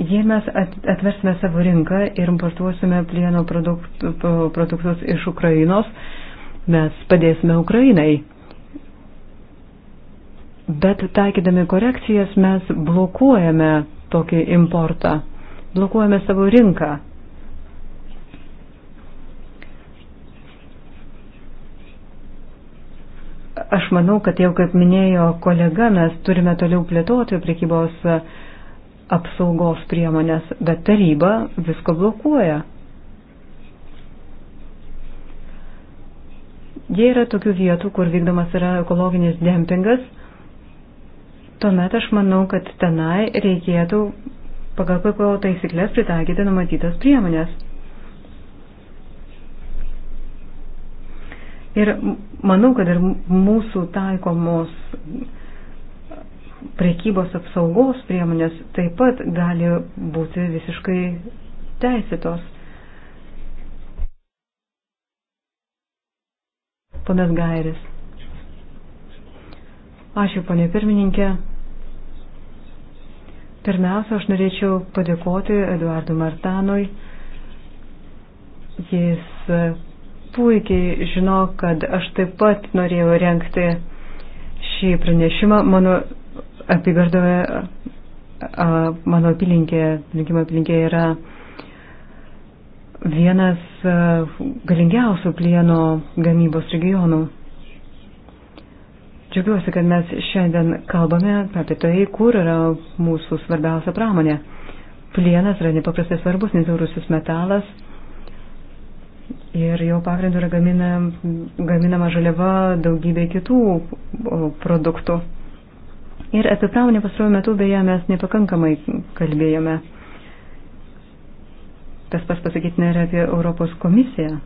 Jei mes atversime savo rinką ir importuosime plieno produktų, produktus iš Ukrainos, mes padėsime Ukrainai. Bet taikydami korekcijas mes blokuojame tokį importą, blokuojame savo rinką. Aš manau, kad jau kaip minėjo kolega, mes turime toliau plėtoti prekybos apsaugos priemonės, bet taryba visko blokuoja. Jei yra tokių vietų, kur vykdomas yra ekologinis dempingas, tuomet aš manau, kad tenai reikėtų pagal PPO taisyklės pritaikyti numatytas priemonės. Ir manau, kad ir mūsų taikomos prekybos apsaugos priemonės taip pat gali būti visiškai teisėtos. Ponas Gairis. Ačiū, ponė pirmininkė. Pirmiausia, aš norėčiau padėkoti Eduardu Martanui. Jis puikiai žino, kad aš taip pat norėjau renkti šį pranešimą. Mano apygardoje, mano apylinkė, rinkimo apylinkė yra vienas galingiausių plieno gamybos regionų. Džiaugiuosi, kad mes šiandien kalbame apie tai, kur yra mūsų svarbiausia pramonė. Plienas yra nepaprastai svarbus, nes rusis metalas Ir jau pagrindu yra gaminam, gaminama žaliava daugybė kitų produktų. Ir apie pramonę pastaruoju metu beje mes nepakankamai kalbėjome. Tas pas pasakytina yra apie Europos komisiją.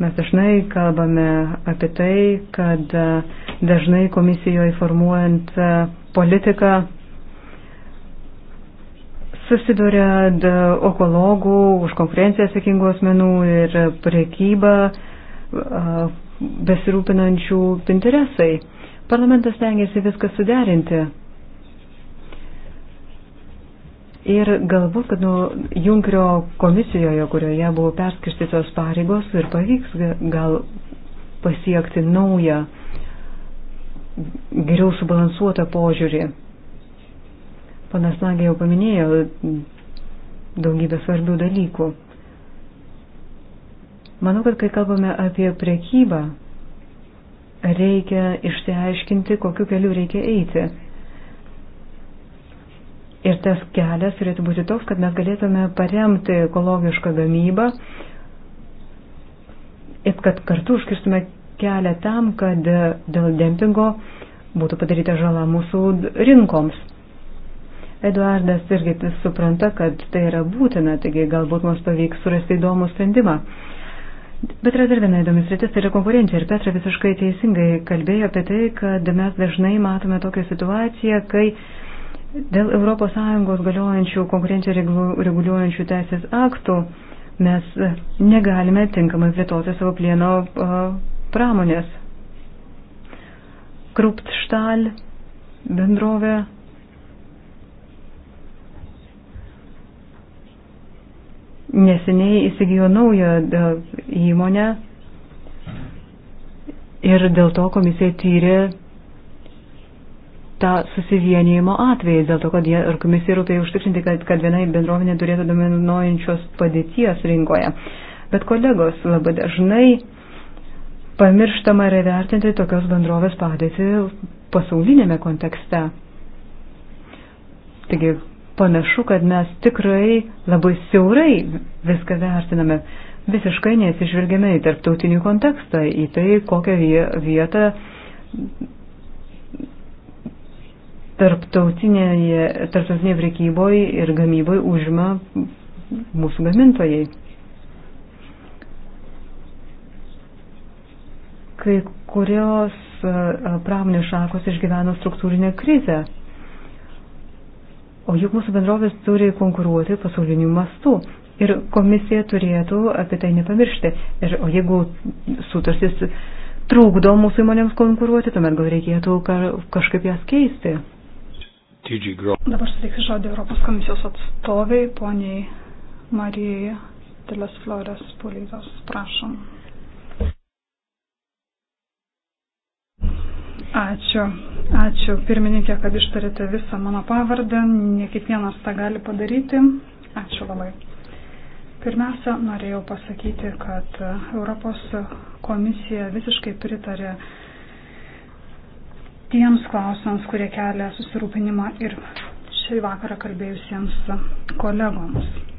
Mes dažnai kalbame apie tai, kad dažnai komisijoje formuojant politiką susiduria ekologų, už konkurenciją atsakingų asmenų ir priekybą besirūpinančių interesai. Parlamentas tengiasi viską suderinti. Ir galbūt, kad nu, Junkerio komisijoje, kurioje buvo perskirstytos pareigos, ir pavyks gal pasiekti naują, geriau subalansuotą požiūrį Panas Lagė jau paminėjo daugybę svarbių dalykų. Manau, kad kai kalbame apie priekybą, reikia išsiaiškinti, kokiu keliu reikia eiti. Ir tas kelias turėtų būti toks, kad mes galėtume paremti ekologišką gamybą ir kad kartu užkirstume kelią tam, kad dėl dempingo būtų padaryta žala mūsų rinkoms. Eduardas irgi supranta, kad tai yra būtina, taigi galbūt mums pavyks surasti įdomų sprendimą. Bet yra dar viena įdomi sritis, tai yra konkurencija. Ir Petra visiškai teisingai kalbėjo apie tai, kad mes dažnai matome tokią situaciją, kai dėl ES galiojančių konkurenciją reguliuojančių teisės aktų mes negalime tinkamai plėtoti savo plieno pramonės. Kruptštal bendrovė neseniai įsigijo naują įmonę ir dėl to komisija tyrė tą susivienijimo atvejį, dėl to, kad jie, ar komisija rūpėjo tai užtikrinti, kad, kad viena bendrovinė turėtų dominuojančios padėties rinkoje. Bet kolegos labai dažnai pamirštama yra vertinti tokios bendrovės padėtį pasaulinėme kontekste. Taigi panašu, kad mes tikrai labai siaurai viską vertiname. Visiškai nesižvelgiame į tarptautinį kontekstą, į tai, kokią vietą tarptautinėje, tarptautinėje prekyboje ir gamyboje užima mūsų gamintojai. Kai kurios pramonės šakos išgyveno struktūrinę krizę O juk mūsų bendrovės turi konkuruoti pasauliniu mastu. Ir komisija turėtų apie tai nepamiršti. Ir, o jeigu sutartis trūkdo mūsų įmonėms konkuruoti, tuomet gal reikėtų kažkaip jas keisti. Dabar suteiksiu žodį Europos komisijos atstoviai, poniai Marijai Tilės Flores Pulyzos. Prašom. Ačiū. Ačiū pirmininkė, kad ištarėte visą mano pavardę. Ne kiekvienas tą gali padaryti. Ačiū labai. Pirmiausia, norėjau pasakyti, kad Europos komisija visiškai pritarė tiems klausimams, kurie kelia susirūpinimą ir šį vakarą kalbėjusiems kolegoms.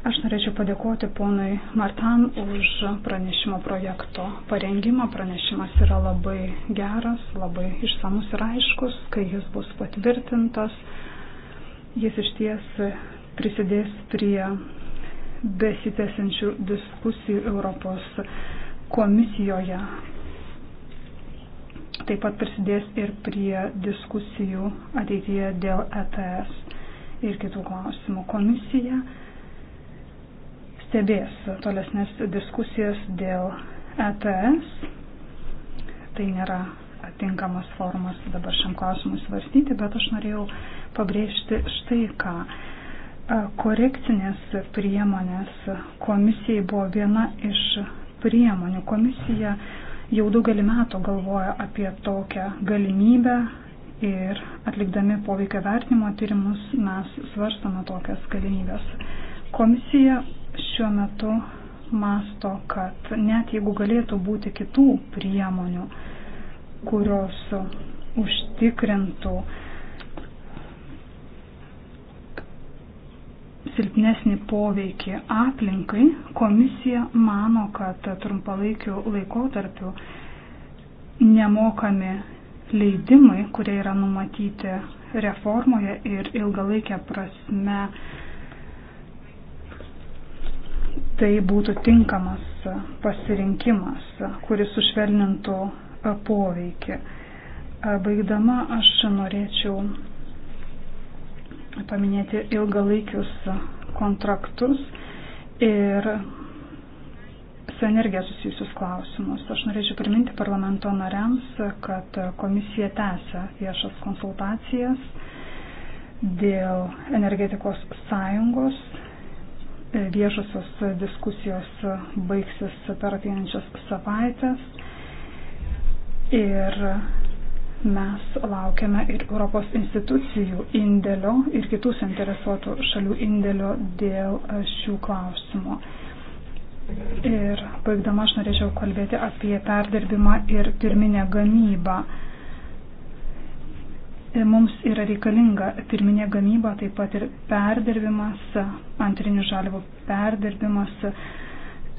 Aš norėčiau padėkoti ponui Martan už pranešimo projekto parengimą. Pranešimas yra labai geras, labai išsamus ir aiškus. Kai jis bus patvirtintas, jis iš ties prisidės prie besitęsiančių diskusijų Europos komisijoje. Taip pat prisidės ir prie diskusijų ateityje dėl ETS ir kitų klausimų komisija stebės tolesnės diskusijas dėl ETS. Tai nėra tinkamas formas dabar šiam klausimui svarstyti, bet aš norėjau pabrėžti štai ką. E, korekcinės priemonės komisijai buvo viena iš priemonių. Komisija jau daugelį metų galvoja apie tokią galimybę ir atlikdami poveikio vertinimo tyrimus mes svarstame tokias galimybės. Komisija šiuo metu masto, kad net jeigu galėtų būti kitų priemonių, kurios užtikrintų silpnesnį poveikį aplinkai, komisija mano, kad trumpalaikiu laikotarpiu nemokami leidimai, kurie yra numatyti reformoje ir ilgalaikė prasme tai būtų tinkamas pasirinkimas, kuris sušvelnintų e, poveikį. E, baigdama aš norėčiau paminėti ilgalaikius kontraktus ir su energija susijusius klausimus. Aš norėčiau priminti parlamento nariams, kad komisija tęsia viešas konsultacijas dėl energetikos sąjungos viešosios diskusijos baigsis per ateinančias savaitės ir mes laukiame ir Europos institucijų indėlio ir kitų suinteresuotų šalių indėlio dėl šių klausimų. Ir baigdama aš norėčiau kalbėti apie perdirbimą ir pirminę gamybą. E, mums yra reikalinga pirminė gamyba, taip pat ir perdirbimas, antrinių žalivų perdirbimas.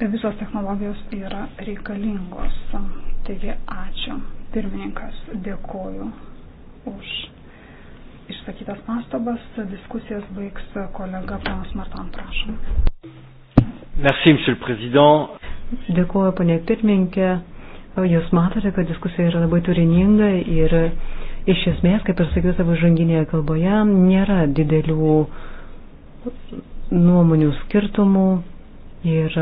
E, visos technologijos yra reikalingos. Taigi ačiū. Pirmininkas, dėkoju už išsakytas pastabas. Diskusijas baigs kolega panas Martan, prašom. Merci, monsieur le président. Dėkuoju, ponė pirmininkė. Jūs matote, kad diskusija yra labai turininga ir yra Iš esmės, kaip ir sakiau savo žanginėje kalboje, nėra didelių nuomonių skirtumų ir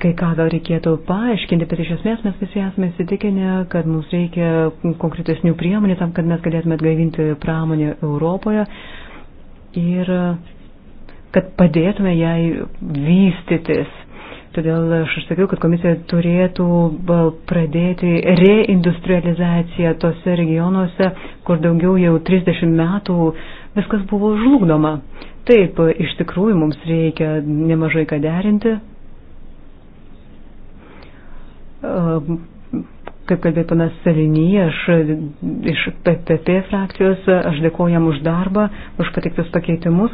kai ką gal reikėtų paaiškinti, bet iš esmės mes visi esame įsitikinę, kad mums reikia konkretesnių priemonių tam, kad mes galėtume atgaivinti pramonę Europoje ir kad padėtume jai vystytis Todėl aš sakiau, kad komisija turėtų pradėti reindustrializaciją tose regionuose, kur daugiau jau 30 metų viskas buvo žlugdoma. Taip, iš tikrųjų mums reikia nemažai ką derinti. Kaip kalbėjo panas Salinį, aš iš PPP frakcijos, aš dėkoju jam už darbą, už pateiktus pakeitimus.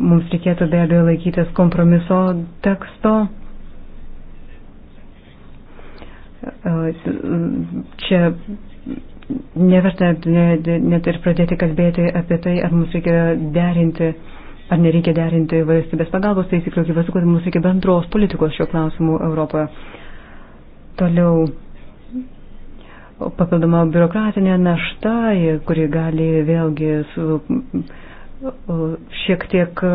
Mums reikėtų be abejo laikytis kompromiso teksto. Čia neverta net ir pradėti kalbėti apie tai, ar mums reikia derinti, ar nereikia derinti valstybės pagalbos taisyklių, akivaizdu, kad mums reikia bendros politikos šiuo klausimu Europoje. Toliau papildoma biurokratinė našta, kuri gali vėlgi su šiek tiek e,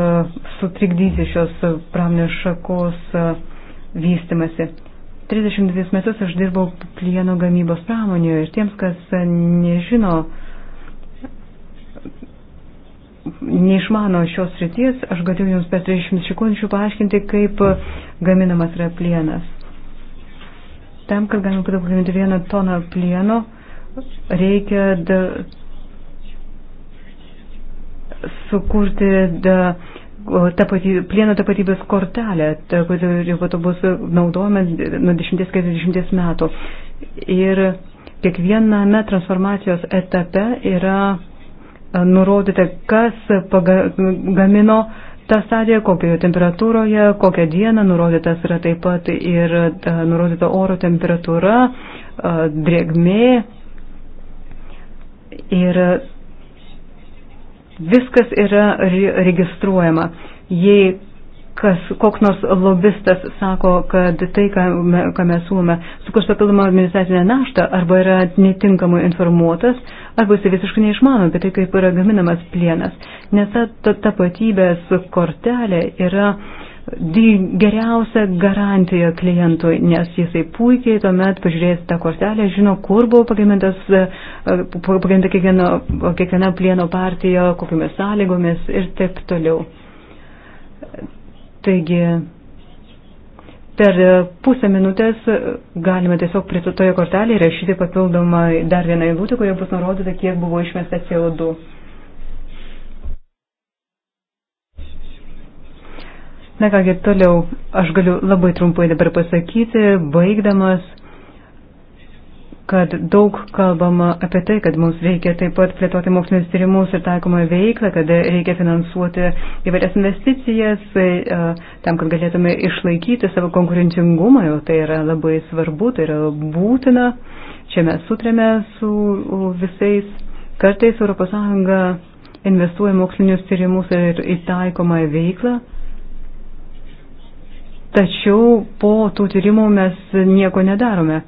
sutrikdyti šios pramonės šakos e, vystimasi. 32 metus aš dirbau plieno gamybos pramonėje ir tiems, kas nežino, neišmano šios ryties, aš galiu Jums per 30 sekundžių paaiškinti, kaip gaminamas yra plienas. Tam, kad galima pagaminti vieną toną plieno, reikia sukurti da, tapaty, plieno tapatybės kortelę, ta, kuri po to bus naudojama nuo 10-40 metų. Ir kiekviename transformacijos etape yra nurodyta, kas pagamino tą stadiją, kokioje temperatūroje, kokią dieną nurodytas yra taip pat ir ta nurodyta oro temperatūra, drėgmė ir viskas yra registruojama. Jei kas, koks nors lobistas sako, kad tai, ką, ką mes siūlome, sukurs papildomą administracinę naštą, arba yra netinkamai informuotas, arba jis visiškai neišmano apie tai, kaip yra gaminamas plienas. Nes ta, ta tapatybės kortelė yra geriausia garantija klientui, nes jisai puikiai tuomet pažiūrės tą kortelę, žino, kur buvo pagamintas pagaminta kiekvieno, kiekviena plieno partija, kokiamis sąlygomis ir taip toliau. Taigi, per pusę minutės galime tiesiog prie toje kortelėje rašyti papildomą dar vieną eilutę, kurioje bus nurodyta, kiek buvo išmesta CO2. Na kągi, toliau aš galiu labai trumpai dabar pasakyti, baigdamas kad daug kalbama apie tai, kad mums reikia taip pat plėtoti mokslinis tyrimus ir taikomą veiklą, kad reikia finansuoti įvairias investicijas e, tam, kad galėtume išlaikyti savo konkurencingumą, jau tai yra labai svarbu, tai yra būtina. Čia mes sutrėme su visais. Kartais ES investuoja mokslinius tyrimus ir įtaikomą veiklą. Tačiau po tų tyrimų mes nieko nedarome.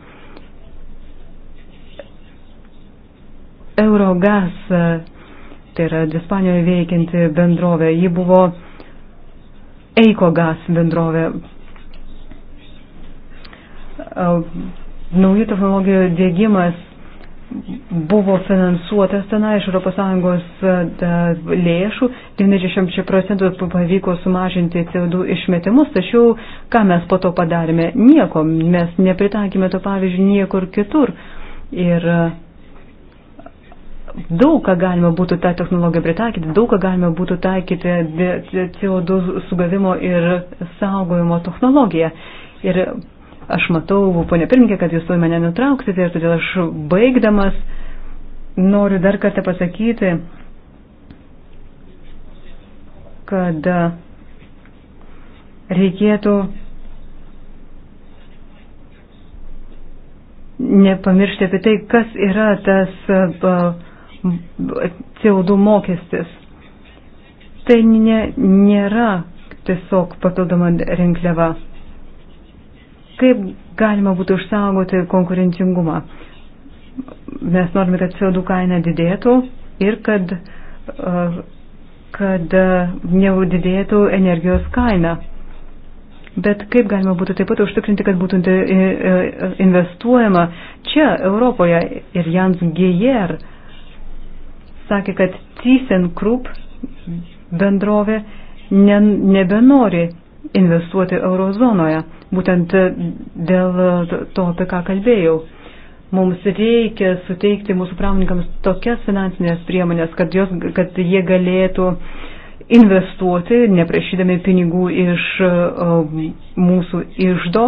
Eurogas, tai yra Ispanijoje veikianti bendrovė, ji buvo Eikogas bendrovė. Naujų technologijų dėgymas buvo finansuotas tenai iš ES lėšų, 90 procentų pavyko sumažinti CO2 išmetimus, tačiau ką mes po to padarėme? Nieko, mes nepritaikėme to pavyzdžiui niekur kitur. Ir uh, daug ką galima būtų tą technologiją pritaikyti, daug ką galima būtų taikyti CO2 sugavimo ir saugojimo technologiją. Ir aš matau, ponė pirmininkė, kad jūs to mane nutrauksite ir todėl aš baigdamas noriu dar kartą pasakyti, kad reikėtų nepamiršti apie tai, kas yra tas uh, CO2 mokestis. Tai ne, nėra tiesiog papildoma rinkliava. Kaip galima būtų išsaugoti konkurencingumą? Mes norime, kad CO2 kaina didėtų ir kad, uh, kad uh, neudidėtų energijos kaina. Bet kaip galima būtų taip pat užtikrinti, kad būtų uh, investuojama čia, Europoje ir Jans Geyer sakė, kad ThyssenKrupp bendrovė ne, nebenori investuoti eurozonoje, būtent dėl to, apie ką kalbėjau. Mums reikia suteikti mūsų pramoninkams tokias finansinės priemonės, kad, jos, kad jie galėtų investuoti, neprašydami pinigų iš mūsų išdo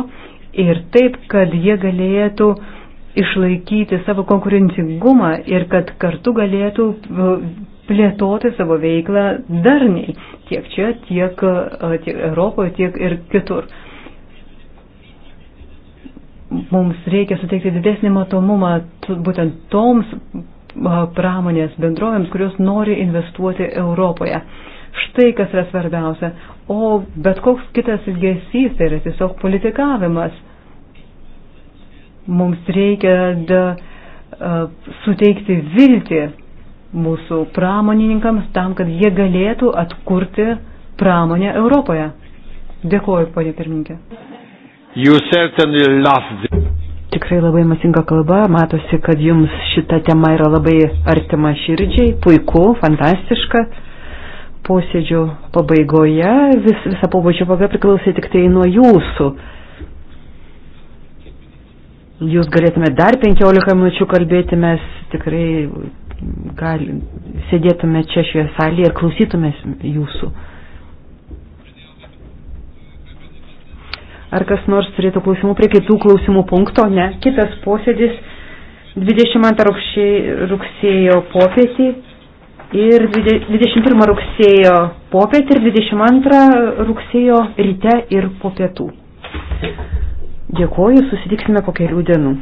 ir taip, kad jie galėtų uh, išlaikyti savo konkurencingumą ir kad kartu galėtų uh, plėtoti savo veiklą darniai tiek čia, tiek, uh, tiek Europoje, tiek ir kitur. Mums reikia suteikti didesnį matomumą būtent toms uh, pramonės bendrovėms, kurios nori investuoti Europoje. Štai kas yra svarbiausia. O bet koks kitas ilgesys tai yra tiesiog politikavimas. Mums reikia da, suteikti viltį mūsų pramonininkams tam, kad jie galėtų atkurti pramonę Europoje. Dėkuoju, ponė pirmininkė. Tikrai labai masinga kalba, matosi, kad jums šita tema yra labai artima širdžiai, puiku, fantastiška. Posėdžio pabaigoje vis, visa pobūdžio paga priklausė tik tai nuo jūsų jūs galėtumėte dar 15 minučių kalbėti, mes tikrai gal, sėdėtume čia šioje salėje ir klausytumės jūsų. Ar kas nors turėtų klausimų prie kitų klausimų punkto? Ne. Kitas posėdis 22 rugsėjo popietį ir 21 rugsėjo popietį ir 22 rugsėjo ryte ir po pietų. Dėkuoju, susitiksime po kelių dienų.